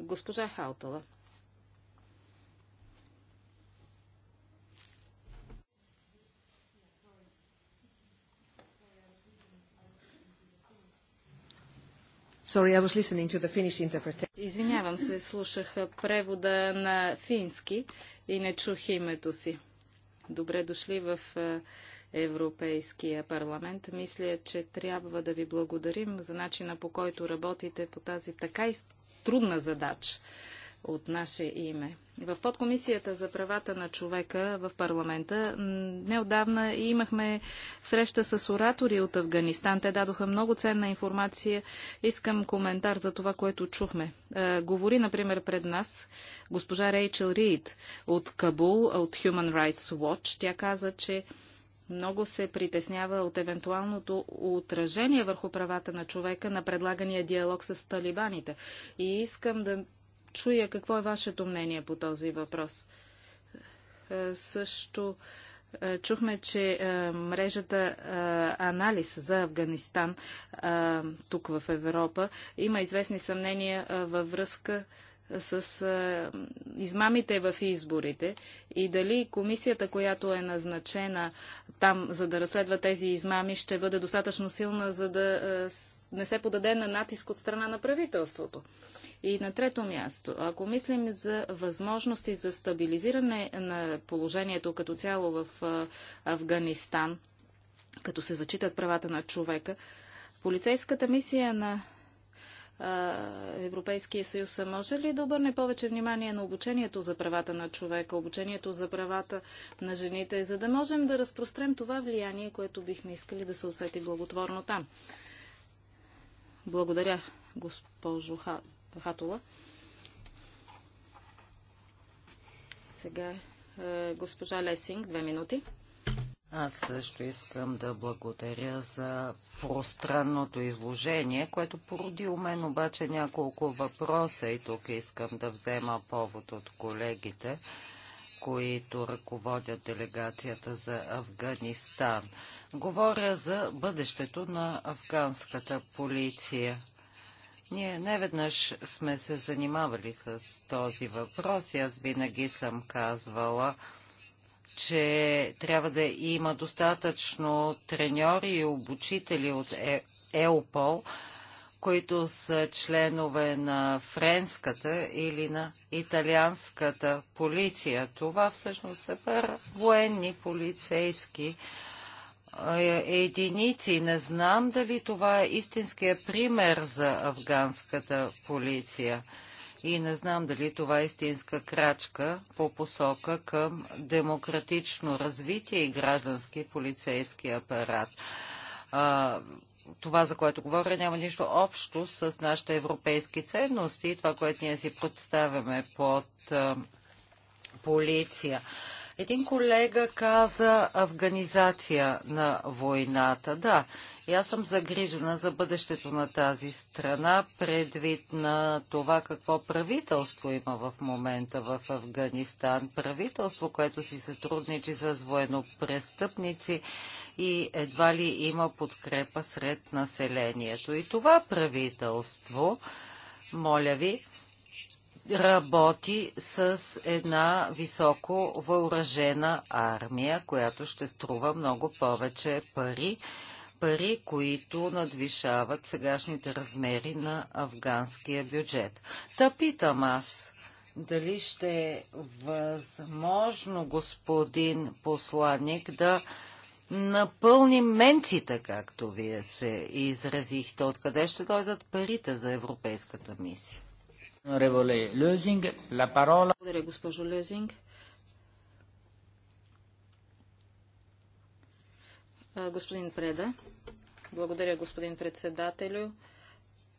C: Госпожа Хаутала. Sorry, I was listening to the Finnish interpretation. Извинявам се, слушах превода на фински и не чух името си. Добре дошли в е, Европейския парламент. Мисля, че трябва да ви благодарим за начина по който работите по тази така и трудна задача от наше име. В подкомисията за правата на човека в парламента неодавна имахме среща с оратори от Афганистан. Те дадоха много ценна информация. Искам коментар за това, което чухме. говори, например, пред нас госпожа Рейчел Рид от Кабул, от Human Rights Watch. Тя каза, че много се притеснява от евентуалното отражение върху правата на човека на предлагания диалог с талибаните. И искам да чуя какво е вашето мнение по този въпрос. Е, също е, чухме, че е, мрежата анализ за Афганистан тук в Европа има известни съмнения във връзка с измамите в изборите и дали комисията, която е назначена там, за да разследва тези измами, ще бъде достатъчно силна, за да не се подаде на натиск от страна на правителството. И на трето място, ако мислим за възможности за стабилизиране на положението като цяло в Афганистан, като се зачитат правата на човека, полицейската мисия на Европейския съюз. Може ли да обърне повече внимание на обучението за правата на човека, обучението за правата на жените, за да можем да разпрострем това влияние, което бихме искали да се усети благотворно там? Благодаря, госпожо Ха. Хатула. Сега е, госпожа Лесинг, две минути.
B: Аз също искам да благодаря за пространното изложение, което породи у мен обаче няколко въпроса и тук искам да взема повод от колегите, които ръководят делегацията за Афганистан. Говоря за бъдещето на афганската полиция. Ние не веднъж сме се занимавали с този въпрос и аз винаги съм казвала, че трябва да има достатъчно треньори и обучители от е, ЕОПОЛ, които са членове на френската или на италианската полиция. Това всъщност са военни полицейски единици. Не знам дали това е истинския пример за афганската полиция и не знам дали това е истинска крачка по посока към демократично развитие и граждански полицейски апарат. А, това, за което говоря, няма нищо общо с нашите европейски ценности и това, което ние си представяме под а, полиция. Един колега каза афганизация на войната. Да, и аз съм загрижена за бъдещето на тази страна, предвид на това какво правителство има в момента в Афганистан. Правителство, което си сътрудничи с военопрестъпници, и едва ли има подкрепа сред населението. И това правителство, моля ви, работи с една високо въоръжена армия, която ще струва много повече пари, пари, които надвишават сегашните размери на афганския бюджет. Та питам аз, дали ще е възможно, господин посланник, да напълни менците, както вие се изразихте, откъде ще дойдат парите за европейската мисия?
A: Благодаря,
B: госпожо Лезинг.
C: Господин Преда. Благодаря, господин председателю.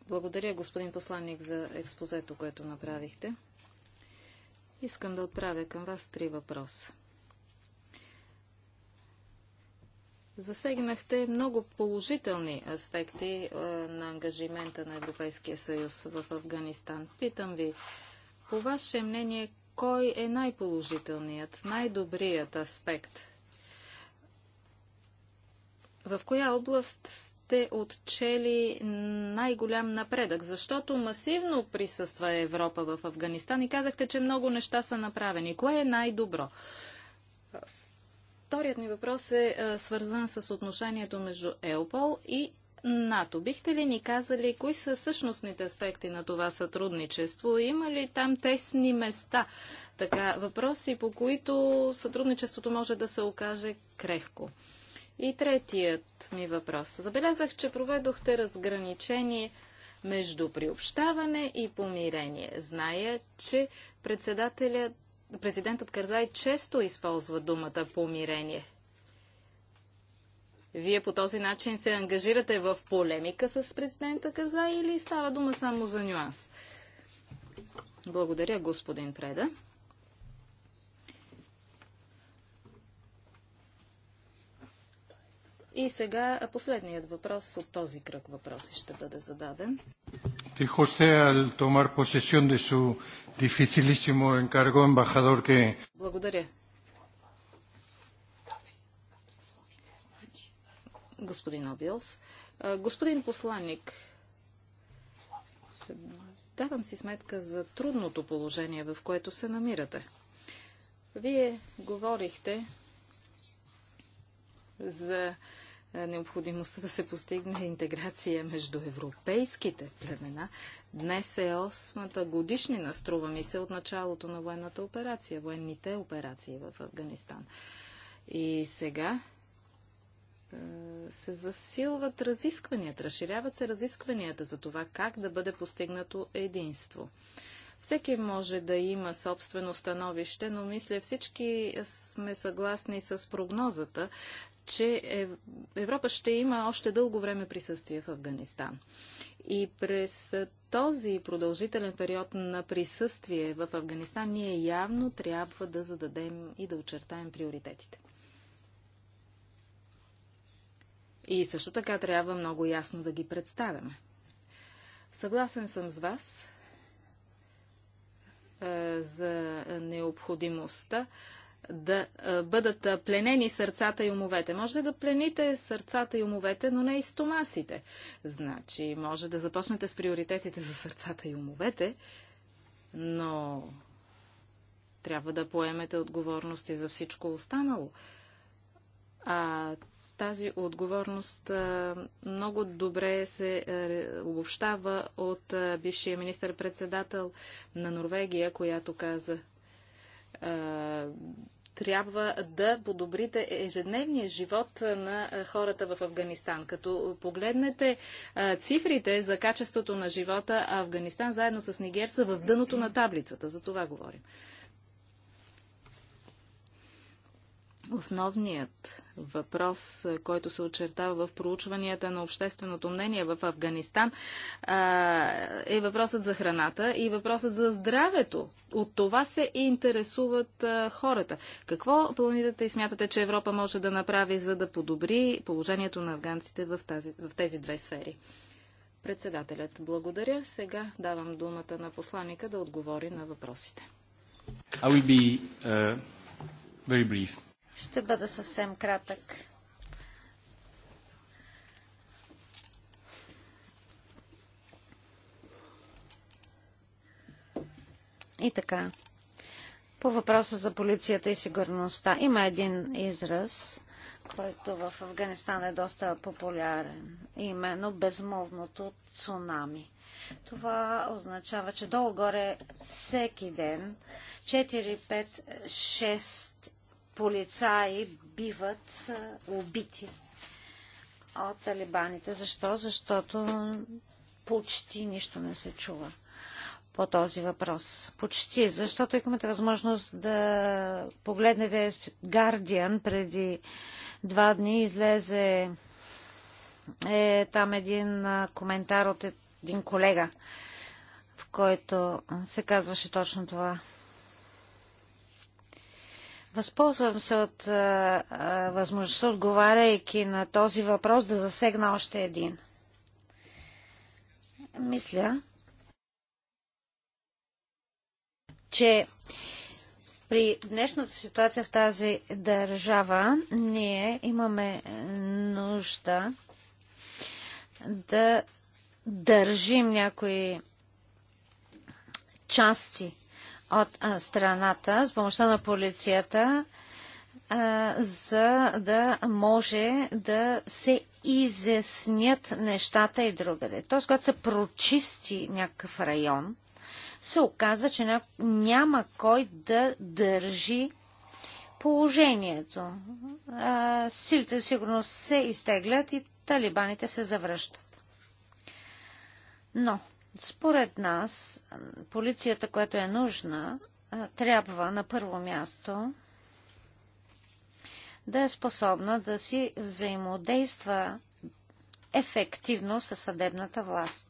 C: Благодаря, господин посланник, за експозето, което направихте. Искам да отправя към вас три въпроса. Засегнахте много положителни аспекти е, на ангажимента на Европейския съюз в Афганистан. Питам ви, по ваше мнение, кой е най-положителният, най-добрият аспект? В коя област сте отчели най-голям напредък? Защото масивно присъства Европа в Афганистан и казахте, че много неща са направени. Кое е най-добро? Вторият ми въпрос е, е свързан с отношението между ЕОПОЛ и НАТО. Бихте ли ни казали кои са същностните аспекти на това сътрудничество? Има ли там тесни места? Така, въпроси, по които сътрудничеството може да се окаже крехко. И третият ми въпрос. Забелязах, че проведохте разграничение между приобщаване и помирение. Зная, че председателят президентът Карзай често използва думата помирение. Вие по този начин се ангажирате в полемика с президента Карзай или става дума само за нюанс? Благодаря, господин Преда. И сега последният въпрос от този кръг въпроси ще бъде зададен.
B: Dijo usted al tomar posesión de su dificilísimo encargo, embajador, que.
C: Благодаря. Господин Обилс. Господин посланник, давам си сметка за трудното положение, в което се намирате. Вие говорихте за е, необходимостта да се постигне интеграция между европейските племена. Днес е осмата годишнина, струва ми се, от началото на военната операция, военните операции в Афганистан. И сега е, се засилват разискванията, разширяват се разискванията за това как да бъде постигнато единство. Всеки може да има собствено становище, но мисля всички сме съгласни с прогнозата, че Европа ще има още дълго време присъствие в Афганистан. И през този продължителен период на присъствие в Афганистан ние явно трябва да зададем и да очертаем приоритетите. И също така трябва много ясно да ги представяме. Съгласен съм с вас е, за необходимостта да бъдат пленени сърцата и умовете. Може да плените сърцата и умовете, но не и стомасите. Значи, може да започнете с приоритетите за сърцата и умовете, но трябва да поемете отговорности за всичко останало. А тази отговорност много добре се обобщава от бившия министър-председател на Норвегия, която каза трябва да подобрите ежедневния живот на хората в Афганистан. Като погледнете цифрите за качеството на живота, Афганистан заедно с Нигер са в дъното на таблицата. За това говорим. Основният въпрос, който се очертава в проучванията на общественото мнение в Афганистан, е въпросът за храната и въпросът за здравето. От това се интересуват хората. Какво планирате и смятате, че Европа може да направи, за да подобри положението на афганците в, тази, в тези две сфери? Председателят, благодаря. Сега давам думата на посланика да отговори на въпросите. I will be, uh, very brief. Ще бъда съвсем кратък.
D: И така. По въпроса за полицията и сигурността. Има един израз, който в Афганистан е доста популярен. Именно безмолвното цунами. Това означава, че долу-горе всеки ден 4, 5, 6 полицаи биват убити от талибаните. Защо? Защото почти нищо не се чува по този въпрос. Почти, защото имате възможност да погледнете Guardian преди два дни излезе е там един коментар от един колега, в който се казваше точно това. Възползвам се от а, възможността, отговаряйки на този въпрос, да засегна още един. Мисля, че при днешната ситуация в тази държава ние имаме нужда да държим някои части от страната с помощта на полицията, за да може да се изяснят нещата и другаде. Тоест, когато се прочисти някакъв район, се оказва, че няма кой да държи положението. силите за сигурност се изтеглят и талибаните се завръщат. Но според нас, полицията, която е нужна, трябва на първо място да е способна да си взаимодейства ефективно със съдебната власт.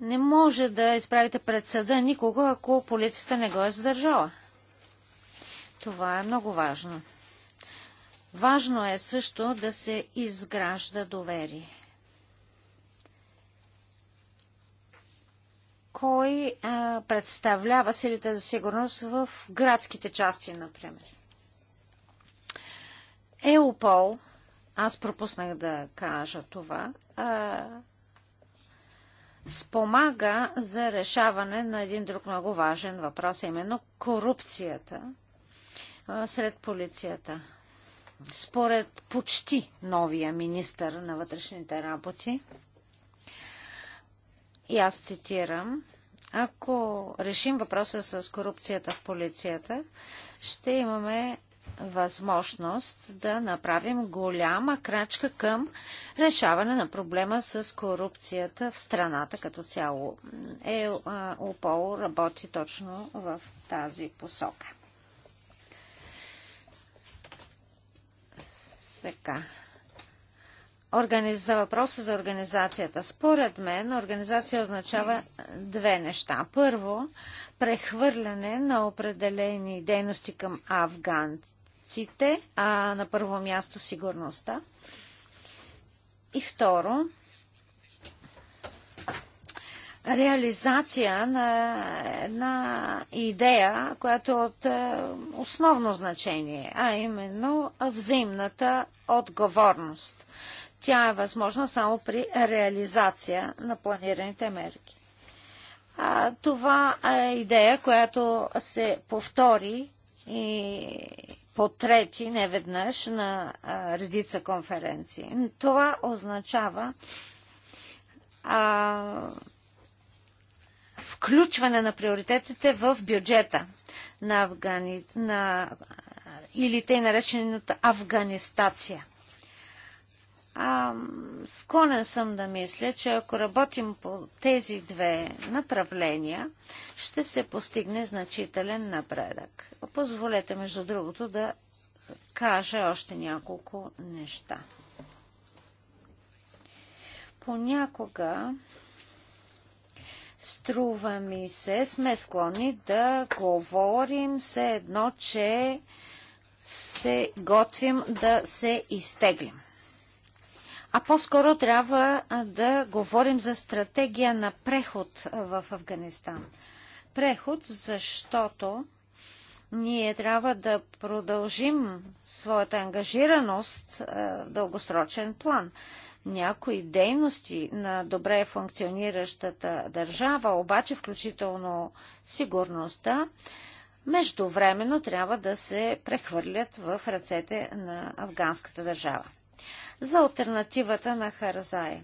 D: Не може да изправите пред съда никого, ако полицията не го е задържала. Това е много важно. Важно е също да се изгражда доверие. кой а, представлява силите за сигурност в градските части, например. Еопол, аз пропуснах да кажа това, а, спомага за решаване на един друг много важен въпрос, именно корупцията а, сред полицията. Според почти новия министър на вътрешните работи, и аз цитирам, ако решим въпроса с корупцията в полицията, ще имаме възможност да направим голяма крачка към решаване на проблема с корупцията в страната като цяло. Е, работи точно в тази посока. Сега, за въпроса за организацията. Според мен, организация означава две неща. Първо, прехвърляне на определени дейности към афганците, а на първо място сигурността. И второ, реализация на една идея, която е от е, основно значение, а именно взаимната отговорност. Тя е възможна само при реализация на планираните мерки. А, това е идея, която се повтори и по трети не веднъж на а, редица конференции. Това означава а, включване на приоритетите в бюджета на, Афгани... на или те наречената афганистация – а, склонен съм да мисля, че ако работим по тези две направления, ще се постигне значителен напредък. Позволете, между другото, да кажа още няколко неща. Понякога струва ми се, сме склонни да говорим все едно, че се готвим да се изтеглим а по-скоро трябва да говорим за стратегия на преход в Афганистан. Преход, защото ние трябва да продължим своята ангажираност в дългосрочен план. Някои дейности на добре функциониращата държава, обаче включително сигурността, междувременно трябва да се прехвърлят в ръцете на афганската държава за альтернативата на Харзай.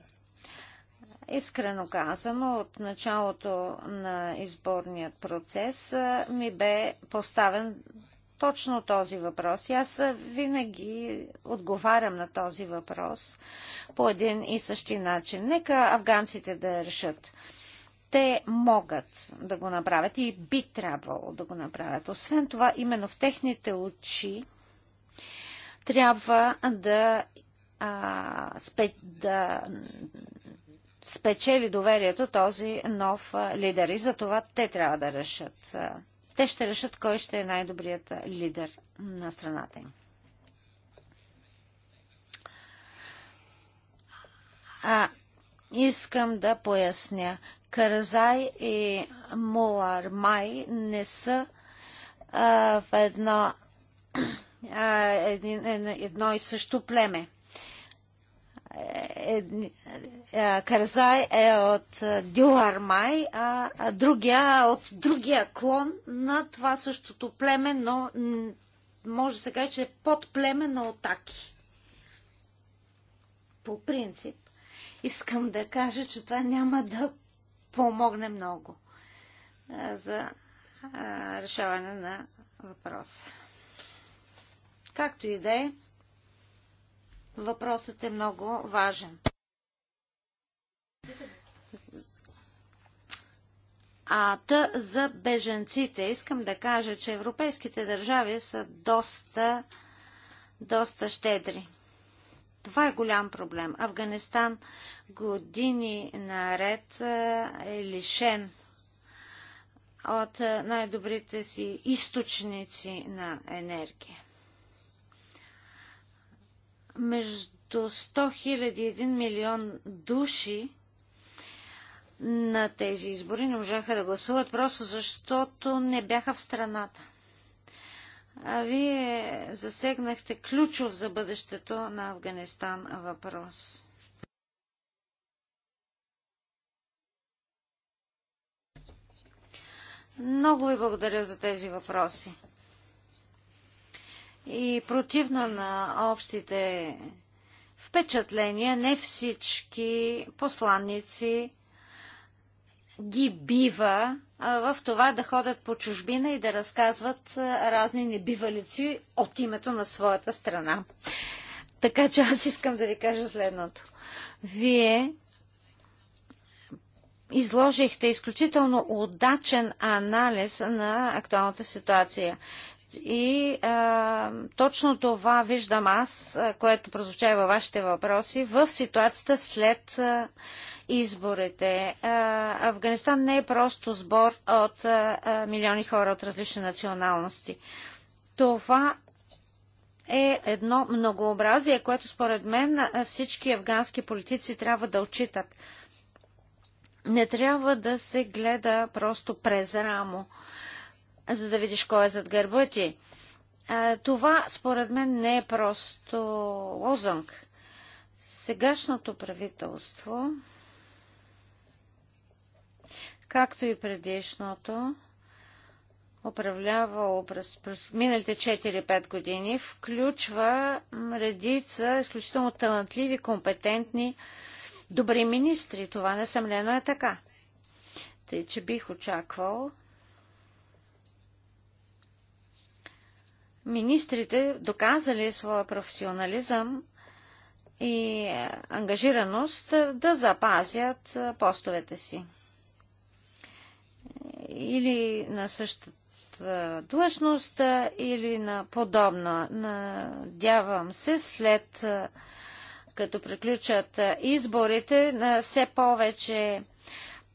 D: Искрено казано, от началото на изборният процес ми бе поставен точно този въпрос. И аз винаги отговарям на този въпрос по един и същи начин. Нека афганците да решат. Те могат да го направят и би трябвало да го направят. Освен това, именно в техните очи трябва да а, спе, да спечели доверието този нов лидер. И за това те трябва да решат. Те ще решат кой ще е най-добрият лидер на страната им. А, искам да поясня. Каразай и Мулар Май не са а, в едно, а, едно, едно и също племе. Е, е, е, Карзай е от Дюармай, а другия от другия клон на това същото племе, но може да се каже, че е под племе на Отаки. По принцип, искам да кажа, че това няма да помогне много за решаване на въпроса. Както и да е, Въпросът е много важен. А та за беженците искам да кажа, че европейските държави са доста, доста щедри. Това е голям проблем. Афганистан години наред е лишен от най-добрите си източници на енергия между 100 000 и 1 милион души на тези избори не можаха да гласуват, просто защото не бяха в страната. А вие засегнахте ключов за бъдещето на Афганистан въпрос. Много ви благодаря за тези въпроси и противна на общите впечатления. Не всички посланници ги бива в това да ходят по чужбина и да разказват разни небивалици от името на своята страна. Така че аз искам да ви кажа следното. Вие изложихте изключително удачен анализ на актуалната ситуация. И а, точно това виждам аз, което прозвуча във вашите въпроси, в ситуацията след а, изборите. А, Афганистан не е просто сбор от а, а, милиони хора от различни националности. Това е едно многообразие, което според мен всички афгански политици трябва да отчитат. Не трябва да се гледа просто през рамо. А, за да видиш кой е зад гърба ти. А, това, според мен, не е просто лозунг. Сегашното правителство, както и предишното, управлявало през, през миналите 4-5 години, включва редица изключително талантливи, компетентни, добри министри. Това несъмнено е така. Тъй, че бих очаквал министрите доказали своя професионализъм и е, ангажираност е, да запазят е, постовете си. Или на същата длъжност, или на подобна. Надявам се, след като приключат изборите, все повече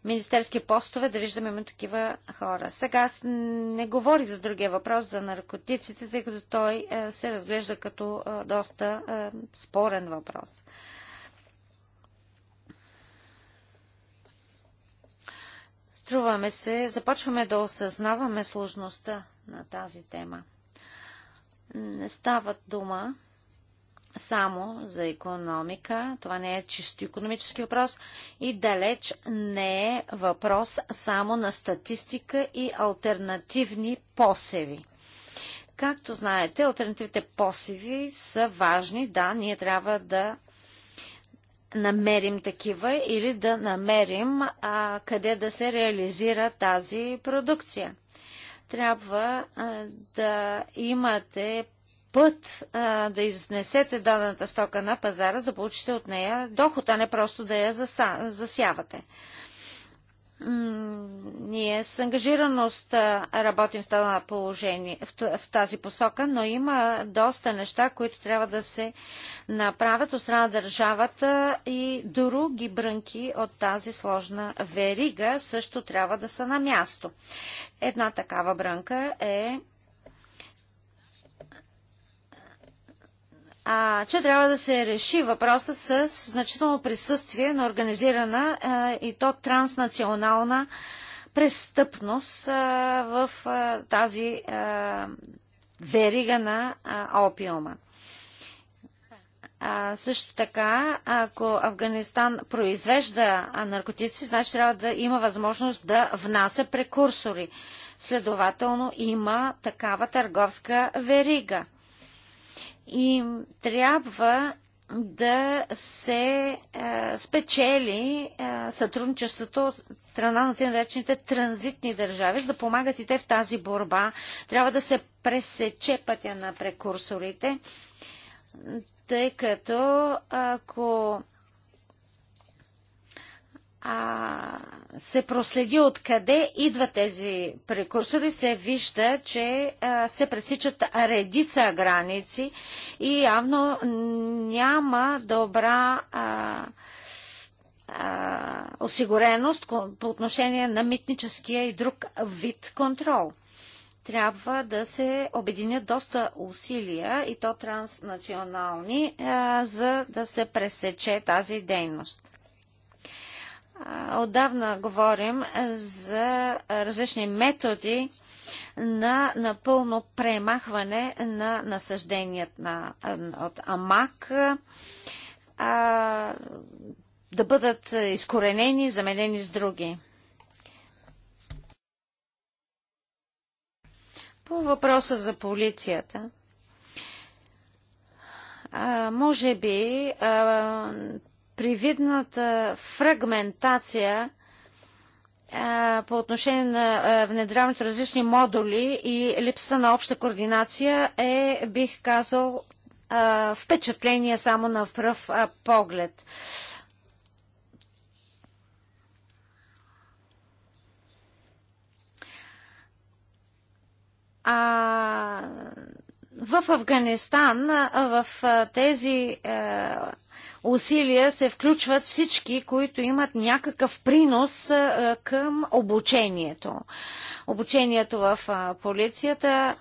D: министерски постове да виждаме именно такива хора. Сега аз не говорих за другия въпрос, за наркотиците, тъй като той е, се разглежда като е, доста е, спорен въпрос. Струваме се, започваме да осъзнаваме сложността на тази тема. Не става дума само за економика. Това не е чисто економически въпрос и далеч не е въпрос само на статистика и альтернативни посеви. Както знаете, альтернативните посеви са важни. Да, ние трябва да намерим такива или да намерим а, къде да се реализира тази продукция. Трябва а, да имате път а, да изнесете дадената стока на пазара, за да получите от нея доход, а не просто да я заса, засявате. Ние с ангажираност работим в това положение, в тази посока, но има доста неща, които трябва да се направят от страна държавата и други брънки от тази сложна верига също трябва да са на място. Една такава брънка е а, че трябва да се реши въпроса с значително присъствие на организирана а, и то транснационална престъпност а, в а, тази а, верига на а, опиума. А, също така, ако Афганистан произвежда наркотици, значи трябва да има възможност да внася прекурсори. Следователно има такава търговска верига им трябва да се а, е, спечели а, е, сътрудничеството от страна на тези наречените транзитни държави, за да помагат и те в тази борба. Трябва да се пресече пътя на прекурсорите, тъй като ако а, се проследи откъде идват тези прекурсори, се вижда, че а, се пресичат редица граници и явно няма добра а, а, осигуреност по отношение на митническия и друг вид контрол. Трябва да се обединят доста усилия и то транснационални, а, за да се пресече тази дейност. Отдавна говорим за различни методи на напълно премахване на насъжденият на, от амак, а, да бъдат изкоренени, заменени с други. По въпроса за полицията, а, може би а, привидната фрагментация по отношение на внедряването различни модули и липса на обща координация е, бих казал, впечатление само на пръв поглед. А, в Афганистан, в тези е, усилия се включват всички, които имат някакъв принос към обучението. Обучението в полицията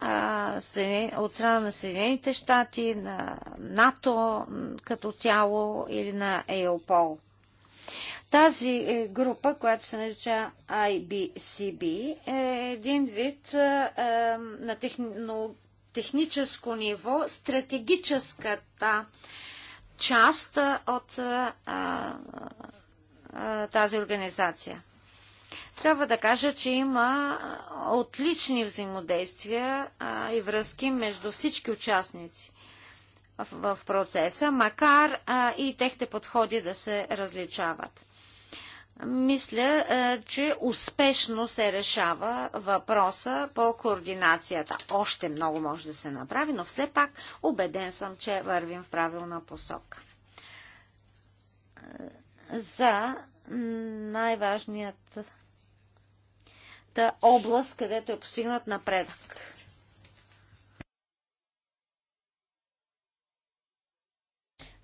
D: от страна на Съединените щати, на НАТО като цяло или на ЕОПОЛ. Тази е, група, която се нарича IBCB, е един вид на техни... техническо ниво стратегическата част от а, а, тази организация. Трябва да кажа, че има отлични взаимодействия а, и връзки между всички участници в, в процеса, макар а, и техните подходи да се различават мисля, е, че успешно се решава въпроса по координацията. Още много може да се направи, но все пак убеден съм, че вървим в правилна посока. Е, за най-важният област, където е постигнат напредък.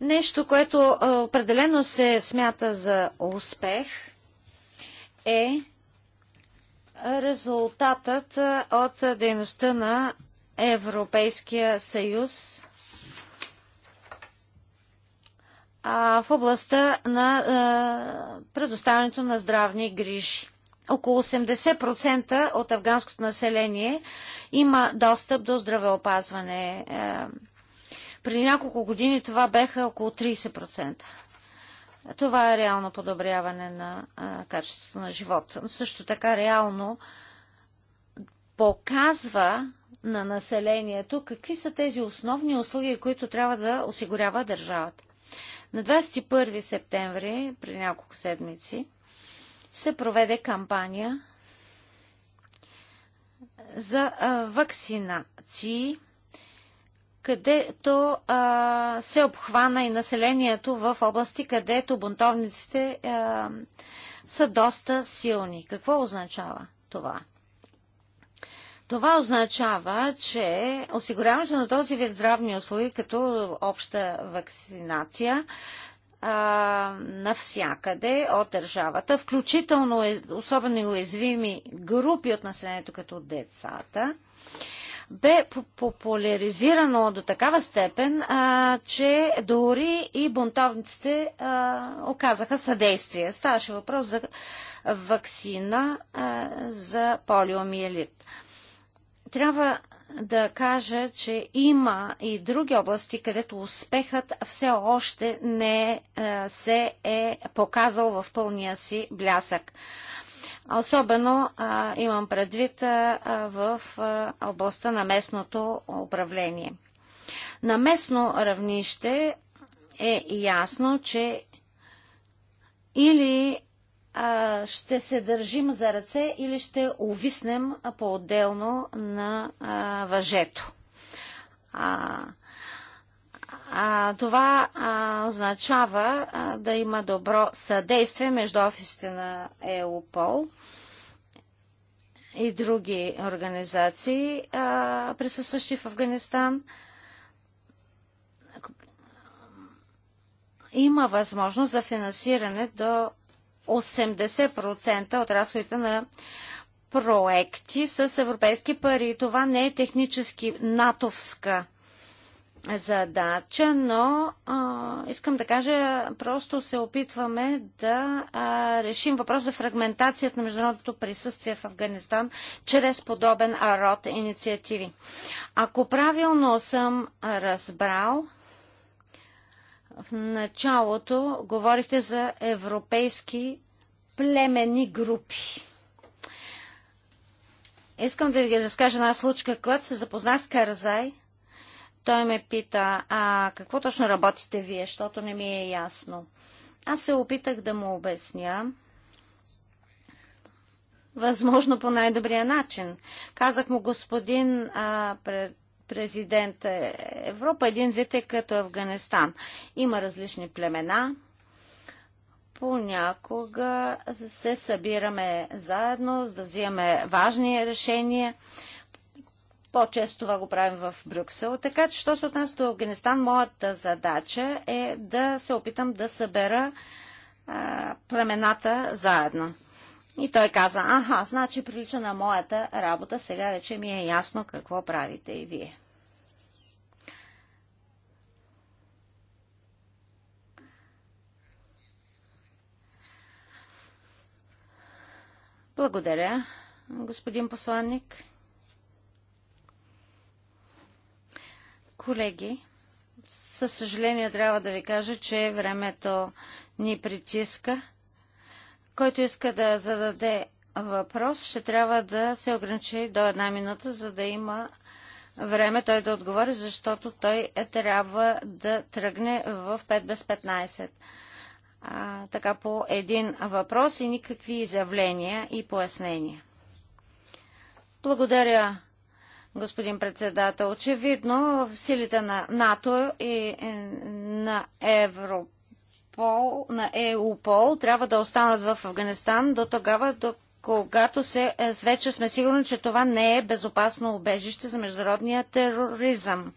D: Нещо, което определено се смята за успех е резултатът от дейността на Европейския съюз в областта на предоставянето на здравни грижи. Около 80% от афганското население има достъп до здравеопазване. Е, при няколко години това беха около 30%. Това е реално подобряване на а, качеството на живота. Също така реално показва на населението какви са тези основни услуги, които трябва да осигурява държавата. На 21 септември, при няколко седмици, се проведе кампания за вакцинации където а, се обхвана и населението в области, където бунтовниците а, са доста силни. Какво означава това? Това означава, че осигуряването на този вид здравни услуги, като обща вакцинация, а, навсякъде от държавата, включително е, особено уязвими групи от населението, като децата, бе популяризирано до такава степен, а, че дори и бунтовниците а, оказаха съдействие. Ставаше въпрос за вакцина а, за полиомиелит. Трябва да кажа, че има и други области, където успехът все още не е, се е показал в пълния си блясък. Особено а, имам предвид а, в а, областта на местното управление. На местно равнище е ясно, че или а, ще се държим за ръце, или ще увиснем по-отделно на а, въжето. А, а, това а, означава а, да има добро съдействие между офисите на ЕОПОЛ и други организации, а, присъстващи в Афганистан. Има възможност за финансиране до 80% от разходите на проекти с европейски пари. Това не е технически натовска задача, но а, искам да кажа, просто се опитваме да а, решим въпрос за фрагментацията на международното присъствие в Афганистан чрез подобен род инициативи. Ако правилно съм разбрал, в началото говорихте за европейски племени групи. Искам да ви разкажа една случка, когато се запознах с Карзай – той ме пита, а какво точно работите вие, защото не ми е ясно. Аз се опитах да му обясня, възможно по най-добрия начин. Казах му, господин а, пред, президент, е, Европа един вид е като Афганистан. Има различни племена. Понякога се събираме заедно, за да взимаме важни решения по-често това го правим в Брюксел. Така че, що се отнася до Афганистан, моята задача е да се опитам да събера а, племената заедно. И той каза, аха, значи прилича на моята работа, сега вече ми е ясно какво правите и вие. Благодаря, господин посланник. Колеги, със съжаление трябва да ви кажа, че времето ни притиска. Който иска да зададе въпрос, ще трябва да се ограничи до една минута, за да има време той да отговори, защото той е трябва да тръгне в 5 без 15. А, така по един въпрос и никакви изявления и пояснения. Благодаря господин председател. Очевидно, в силите на НАТО и е, на Европол, на ЕУПОЛ трябва да останат в Афганистан до тогава, до когато се, е, вече сме сигурни, че това не е безопасно убежище за международния тероризъм.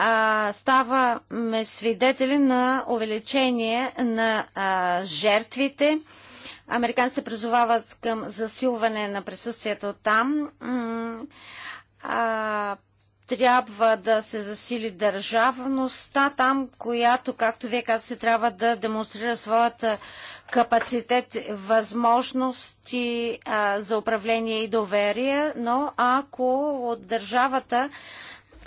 D: а, ставаме свидетели на увеличение на а, жертвите Американците призовават към засилване на присъствието там. трябва да се засили държавността там, която, както вие казвате, трябва да демонстрира своята капацитет, възможности за управление и доверие, но ако от държавата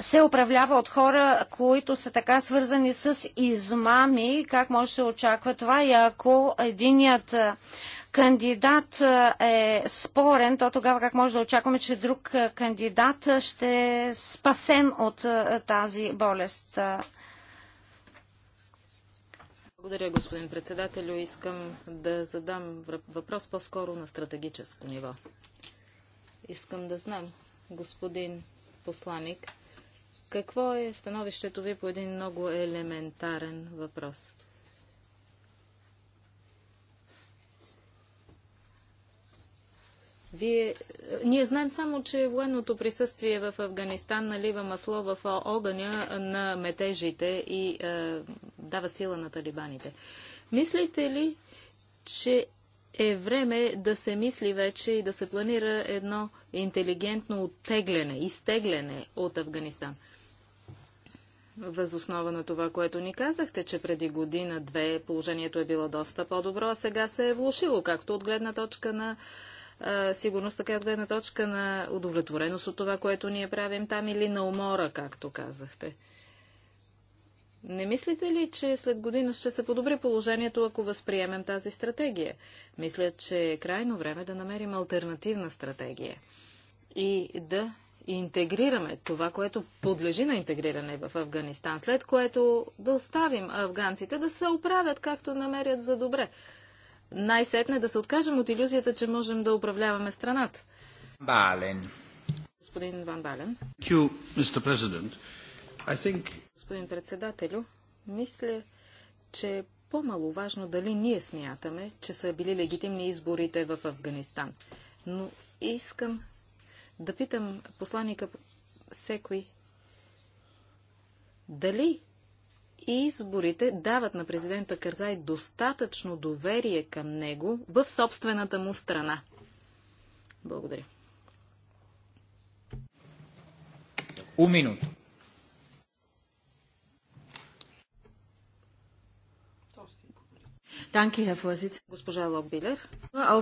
D: се управлява от хора, които са така свързани с измами. Как може да се очаква това? И ако единият кандидат е спорен, то тогава как може да очакваме, че друг кандидат ще е спасен от тази болест?
C: Благодаря, господин председателю. Искам да задам въпрос по-скоро на стратегическо ниво. Искам да знам, господин посланик, какво е становището ви по един много елементарен въпрос? Вие... Ние знаем само, че военното присъствие в Афганистан налива масло в огъня на метежите и е, дава сила на талибаните. Мислите ли, че е време да се мисли вече и да се планира едно интелигентно оттегляне, изтегляне от Афганистан? Възоснова на това, което ни казахте, че преди година-две положението е било доста по-добро, а сега се е влушило, както от гледна точка на а, сигурност, така и от гледна точка на удовлетвореност от това, което ние правим там или на умора, както казахте. Не мислите ли, че след година ще се подобри положението, ако възприемем тази стратегия? Мисля, че е крайно време да намерим альтернативна стратегия и да интегрираме това, което подлежи на интегриране в Афганистан, след което да оставим афганците да се оправят както намерят за добре. Най-сетне да се откажем от иллюзията, че можем да управляваме страната.
A: Бален.
C: Господин Ван Бален. Господин председателю, мисля, че е по важно дали ние смятаме, че са били легитимни изборите в Афганистан. Но искам да питам посланника Секви дали изборите дават на президента Карзай достатъчно доверие към него в собствената му страна. Благодаря.
A: Un minuto.
B: Госпожа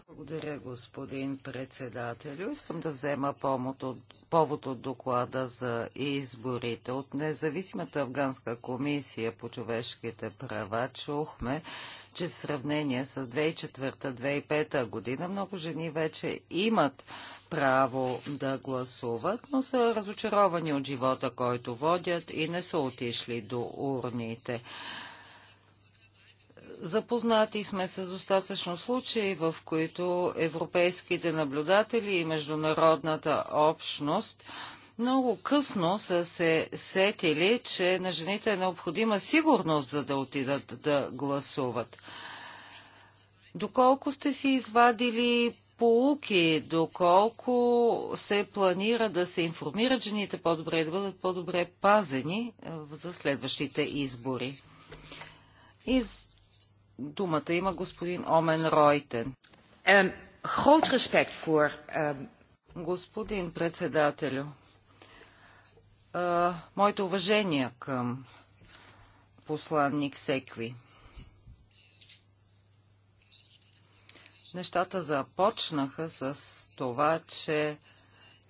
B: Благодаря, господин председател. Искам да взема от, повод от доклада за изборите. От независимата афганска комисия по човешките права чухме, че в сравнение с 2004-2005 година много жени вече имат право да гласуват, но са разочаровани от живота, който водят и не са отишли до урните. Запознати сме с достатъчно случаи, в които европейските наблюдатели и международната общност много късно са се сетили, че на жените е необходима сигурност, за да отидат да гласуват. Доколко сте си извадили поуки, доколко се планира да се информират жените по-добре, и да бъдат по-добре пазени за следващите избори. И Думата има господин Омен Ройтен. Groot respect voor... Господин председателю, е, моите уважения към посланник Секви. Нещата започнаха с това, че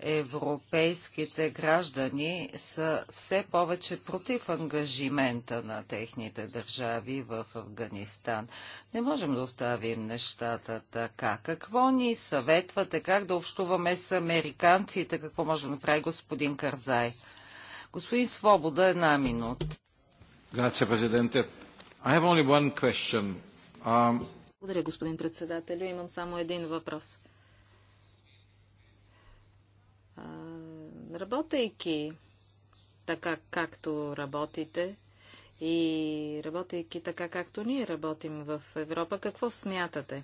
B: европейските граждани са все повече против ангажимента на техните държави в Афганистан. Не можем да оставим нещата така. Какво ни съветвате? Как да общуваме с американците? Какво може да направи господин Карзай? Господин Свобода, една минута.
A: Грация, президенте. I have only one question. Um...
B: Благодаря, господин председател,
C: Имам само един въпрос. Работейки така, както работите и работейки така, както ние работим в Европа, какво смятате?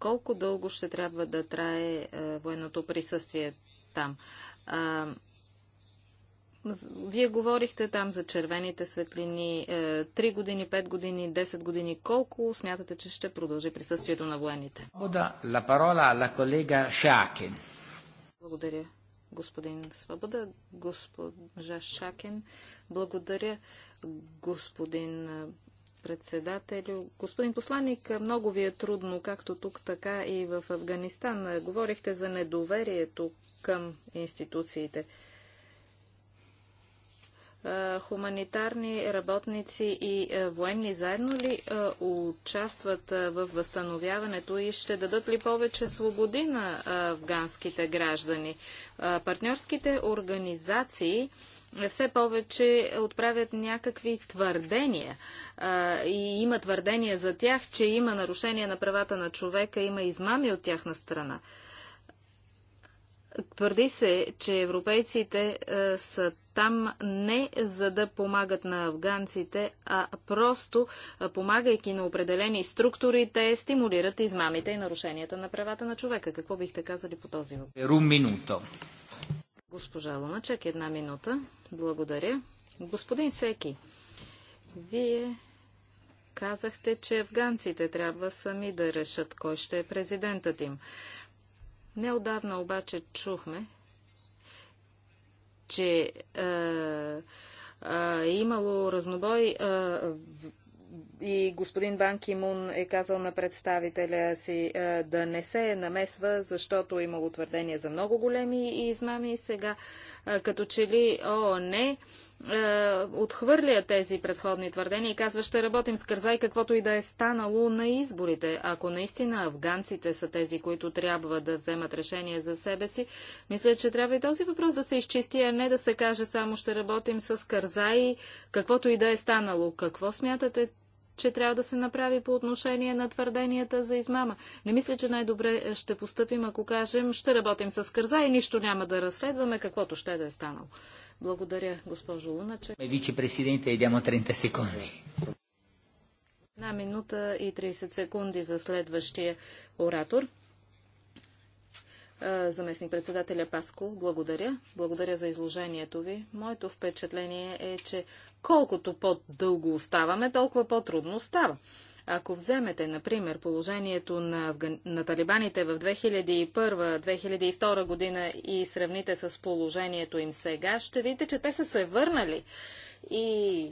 C: Колко дълго ще трябва да трае е, военното присъствие там? А, вие говорихте там за червените светлини. Е, три години, пет години, 10 години. Колко смятате, че ще продължи присъствието на
A: военните? Благодаря
C: господин Свобода, госпожа Шакен. Благодаря, господин председателю. Господин посланник, много ви е трудно, както тук, така и в Афганистан. Говорихте за недоверието към институциите. Е, хуманитарни работници и е, военни заедно ли е, участват в възстановяването и ще дадат ли повече свободи на афганските граждани? Партньорските организации все повече отправят някакви твърдения и има твърдения за тях, че има нарушение на правата на човека, има измами от тяхна страна. Твърди се, че европейците е, са там не за да помагат на афганците, а просто е, помагайки на определени структури, те стимулират измамите и нарушенията на правата на човека. Какво бихте казали по този
B: въпрос? Е,
C: Госпожа Луначек, една минута. Благодаря. Господин Секи, вие казахте, че афганците трябва сами да решат кой ще е президентът им. Неодавна обаче чухме, че е, е, имало разнобой е, и господин Бан Кимун е казал на представителя си е, да не се намесва, защото е имало твърдения за много големи измами и сега като че ли ООН отхвърля тези предходни твърдения и казва, ще работим с Кързай, каквото и да е станало на изборите. Ако наистина афганците са тези, които трябва да вземат решение за себе си, мисля, че трябва и този въпрос да се изчисти, а не да се каже само ще работим с Кързай, каквото и да е станало. Какво смятате, че трябва да се направи по отношение на твърденията за измама. Не мисля, че най-добре ще поступим, ако кажем, ще работим с кърза и нищо няма да разследваме, каквото ще да е станало. Благодаря, госпожо Луначе.
A: Вице-президенте, идемо 30 секунди.
C: Една минута и 30 секунди за следващия оратор. Заместник председателя Паско, благодаря. Благодаря за изложението ви. Моето впечатление е, че Колкото по-дълго оставаме, толкова по-трудно става. Ако вземете, например, положението на, Афган... на талибаните в 2001-2002 година и сравните с положението им сега, ще видите, че те са се върнали. И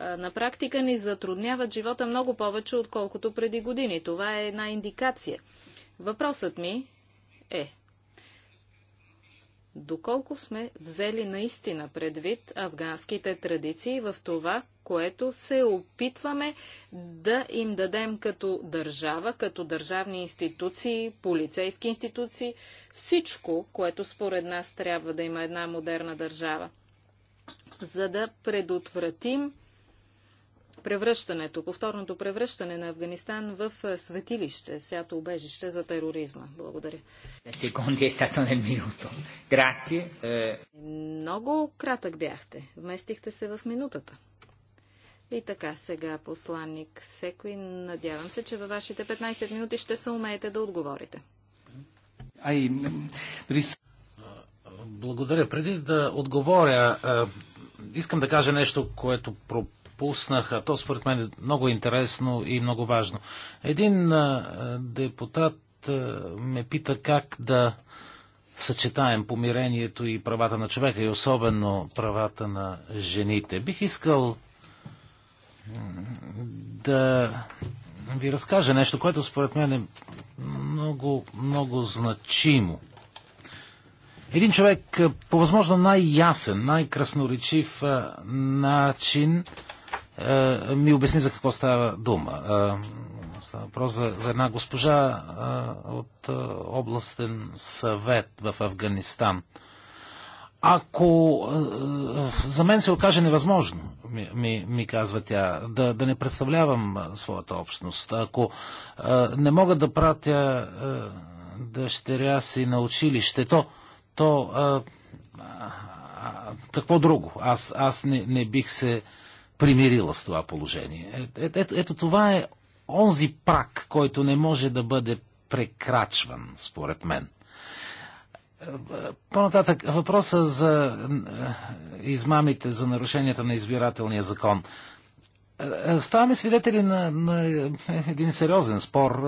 C: на практика ни затрудняват живота много повече, отколкото преди години. Това е една индикация. Въпросът ми е, доколко сме взели наистина предвид афганските традиции в това, което се опитваме да им дадем като държава, като държавни институции, полицейски институции, всичко, което според нас трябва да има една модерна държава, за да предотвратим превръщането, повторното превръщане на Афганистан в светилище, свято убежище за тероризма. Благодаря.
A: Секунди е стато на минуто. Грация. Е,
C: Много кратък бяхте. Вместихте се в минутата. И така сега, посланник Секви, надявам се, че във вашите 15 минути ще се умеете да отговорите.
A: Ай, благодаря. Преди да отговоря, е, искам да кажа нещо, което пропуснах пуснаха. То според мен е много интересно и много важно. Един депутат ме пита как да съчетаем помирението и правата на човека, и особено правата на жените. Бих искал да ви разкажа нещо, което според мен е много, много значимо. Един човек по възможно най-ясен, най-красноречив начин е, ми обясни за какво става дума. Е, става въпрос за, за една госпожа е, от областен съвет в Афганистан. Ако за мен се окаже невъзможно, ми, ми, ми казва тя, да, да не представлявам своята общност, ако не мога да пратя дъщеря си на училище, то, то а, а, какво друго? Аз, аз не, не бих се а, примирила с това положение. Е, е, ето, ето това е онзи прак, който не може да бъде прекрачван, според мен. Е, по-нататък, въпроса за е, измамите, за нарушенията на избирателния закон. Ставаме свидетели на, на един сериозен спор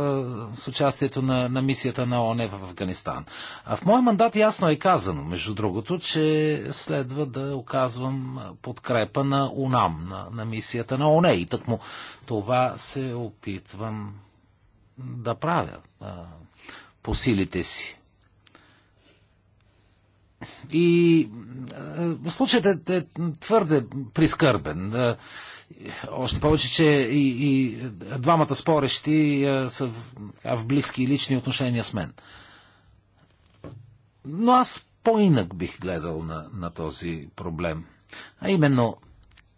A: с участието на, на мисията на ОНЕ в Афганистан. А в моя мандат ясно е казано, между другото, че следва да оказвам подкрепа на УНАМ, на, на мисията на ОНЕ. И так му това се опитвам да правя а, по силите си. И а, случаят е, е твърде прискърбен. А, още повече, че и, и двамата спорещи са в, в близки лични отношения с мен. Но аз по-инак бих гледал на, на този проблем. А именно,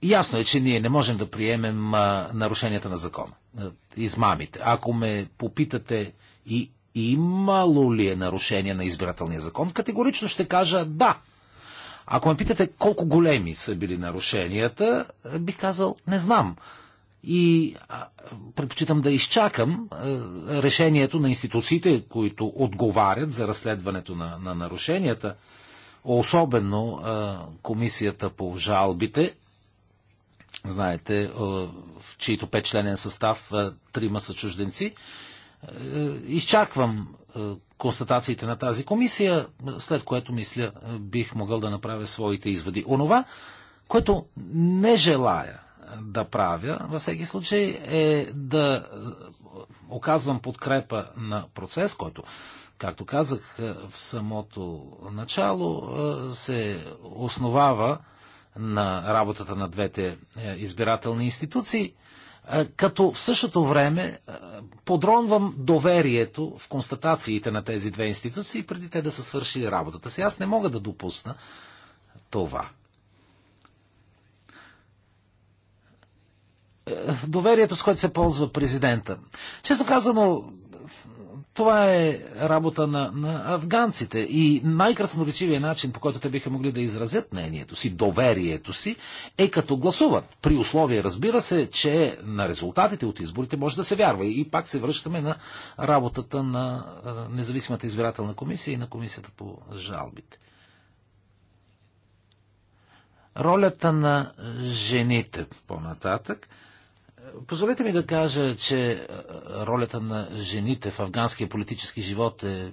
A: ясно е, че ние не можем да приемем а, нарушенията на закона, а, измамите. Ако ме попитате и имало ли е нарушение на избирателния закон, категорично ще кажа да. Ако ме питате колко големи са били нарушенията, е, бих казал, не знам. И предпочитам да изчакам е, решението на институциите, които отговарят за разследването на, на нарушенията, особено е, комисията по жалбите, знаете, в чието петчленен състав трима са чужденци. Изчаквам констатациите на тази комисия, след което, мисля, бих могъл да направя своите изводи. Онова, което не желая да правя, във всеки случай, е да е, оказвам подкрепа на процес, който, както казах е, в самото начало, е, се основава на работата на двете избирателни институции – като в същото време подронвам доверието в констатациите на тези две институции преди те да са свършили работата си. Аз не мога да допусна това. Е, доверието, с което се ползва президента. Често казано, това е работа на, на афганците и най-красноречивият начин, по който те биха могли да изразят мнението си, доверието си, е като гласуват. При условие, разбира се, че на резултатите от изборите може да се вярва. И пак се връщаме на работата на независимата избирателна комисия и на комисията по жалбите. Ролята на жените по-нататък – Позволете ми да кажа, че ролята на жените в афганския политически живот е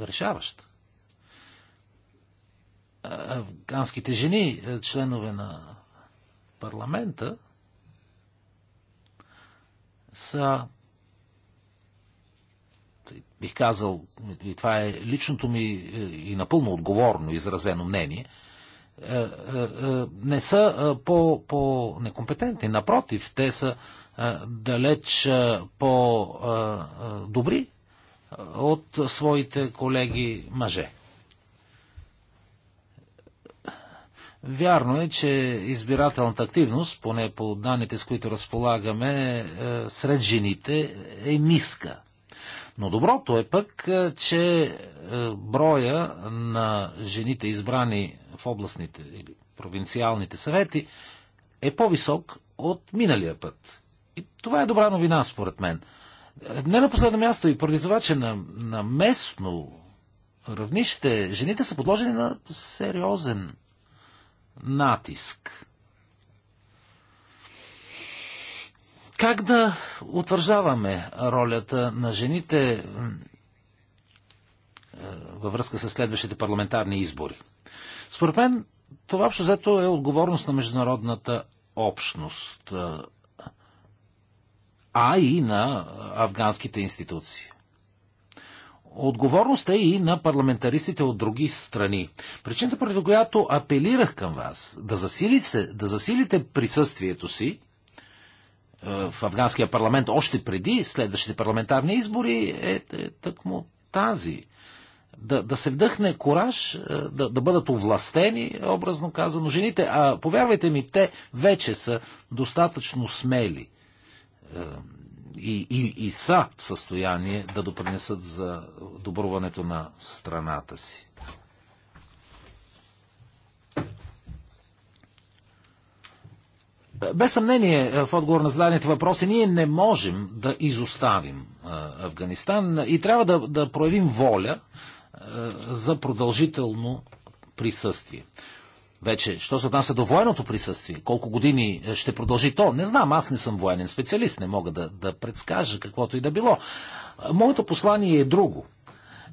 A: решаваща. Афганските жени, е, членове на парламента, са бих казал, и това е личното ми е, и напълно отговорно изразено мнение – е, е, е, не са по, по некомпетентни. Напротив, те са далеч по-добри от своите колеги мъже. Вярно е, че избирателната активност, поне по данните, с които разполагаме, сред жените е ниска. Но доброто е пък, е, че е, броя на жените избрани в областните или провинциалните съвети е по-висок от миналия път. И това е добра новина, според мен. Не на последно място и поради това, че на, на местно равнище жените са подложени на сериозен натиск. Как да утвърждаваме ролята на жените е, във връзка с следващите парламентарни избори? Според мен това общо взето е отговорност на международната общност, е, а и на афганските институции. Отговорност е и на парламентаристите от други страни. Причината, поради която апелирах към вас да засилите, да засилите присъствието си, е, в афганския парламент още преди следващите парламентарни избори е, е тъкмо тази. Да, да се вдъхне кораж, е, да, да бъдат овластени, образно казано, жените. А повярвайте ми, те вече са достатъчно смели е, и, и, и са в състояние да допринесат за добруването на страната си. Без съмнение, е, в отговор на зададените въпроси, ние не можем да изоставим е, Афганистан и трябва да, да проявим воля е, за продължително присъствие. Вече, що се отнася до военното присъствие, колко години ще продължи то, не знам, аз не съм военен специалист, не мога да, да предскажа каквото и да било. Моето послание е друго.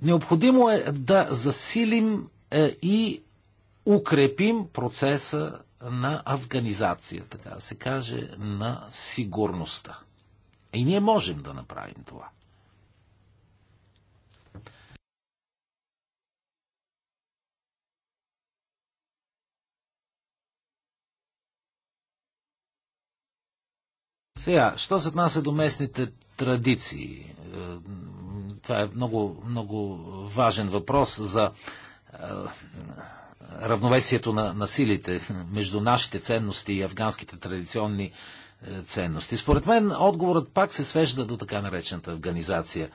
A: Необходимо е да засилим и укрепим процеса на афганизация, така да се каже, на сигурността. И ние можем да направим това. Сега, що се отнася до местните традиции? Е, това е много, много важен въпрос за е, равновесието на, на силите между нашите ценности и афганските традиционни е, ценности. Според мен отговорът пак се свежда до така наречената афганизация.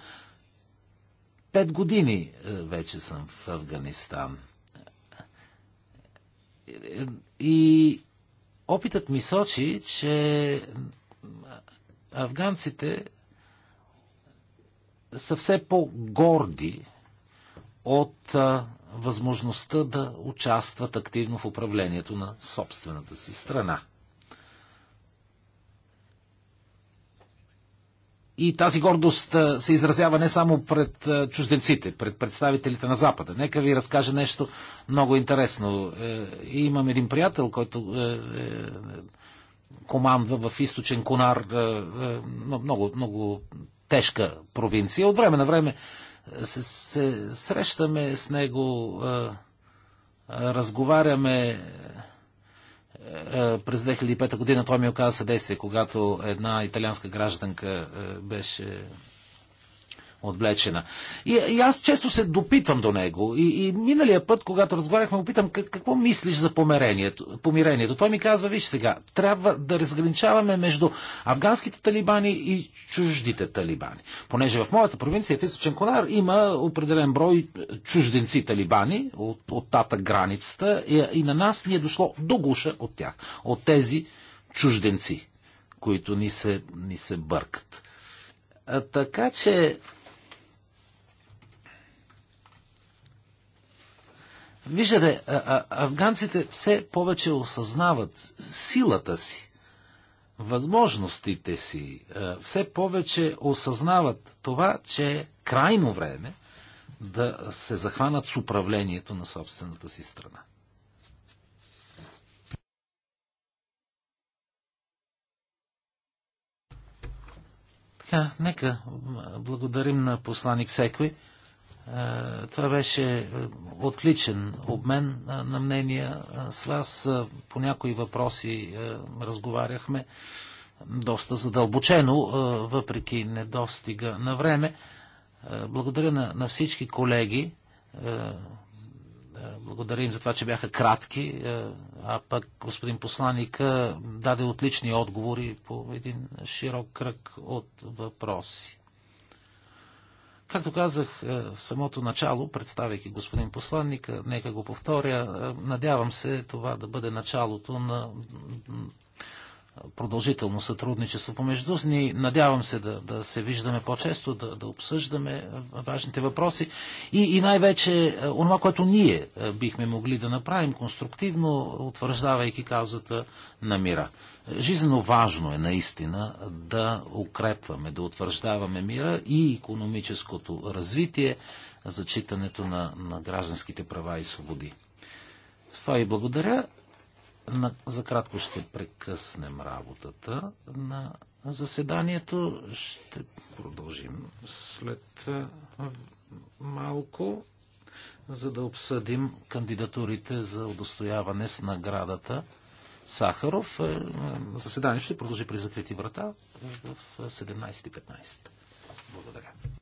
A: Пет години е, вече съм в Афганистан. И опитът ми сочи, че афганците са все по-горди от възможността да участват активно в управлението на собствената си страна. И тази гордост се изразява не само пред чужденците, пред представителите на Запада. Нека ви разкажа нещо много интересно. Е, имам един приятел, който е, е, командва в източен Конар много, много тежка провинция. От време на време се, се срещаме с него, разговаряме през 2005 година той ми оказа съдействие, когато една италианска гражданка беше отвлечена. И, и аз често се допитвам до него. И, и миналия път, когато разговаряхме, опитам как, какво мислиш за помирението, помирението. Той ми казва, виж сега, трябва да разграничаваме между афганските талибани и чуждите талибани. Понеже в моята провинция, в Източен Конар, има определен брой чужденци талибани от, от тата границата и, и на нас ни е дошло до гуша от тях, от тези чужденци, които ни се, ни се бъркат. А, така че Виждате, афганците все повече осъзнават силата си, възможностите си, все повече осъзнават това, че е крайно време да се захванат с управлението на собствената си страна. Така, нека благодарим на посланик Секви. Е, това беше е, отличен обмен е, на мнения с вас. По някои въпроси разговаряхме доста задълбочено, въпреки недостига на време. Благодаря на, на всички колеги. Благодаря им за това, че бяха кратки, а пък господин посланник даде отлични отговори по един широк кръг от въпроси. Както казах е, в самото начало, представяйки господин посланник, нека го повторя, е, надявам се това да бъде началото на продължително сътрудничество помежду ни. Надявам се да, да се виждаме по-често, да, да обсъждаме важните въпроси и, и най-вече е, онова, което ние е, бихме могли да направим конструктивно, утвърждавайки каузата на мира. Жизненно важно е наистина да укрепваме, да утвърждаваме мира и економическото развитие, зачитането на, на гражданските права и свободи. С това и благодаря за кратко ще прекъснем работата на заседанието. Ще продължим след малко, за да обсъдим кандидатурите за удостояване с наградата Сахаров. Заседанието ще продължи при закрити врата в 17.15. Благодаря.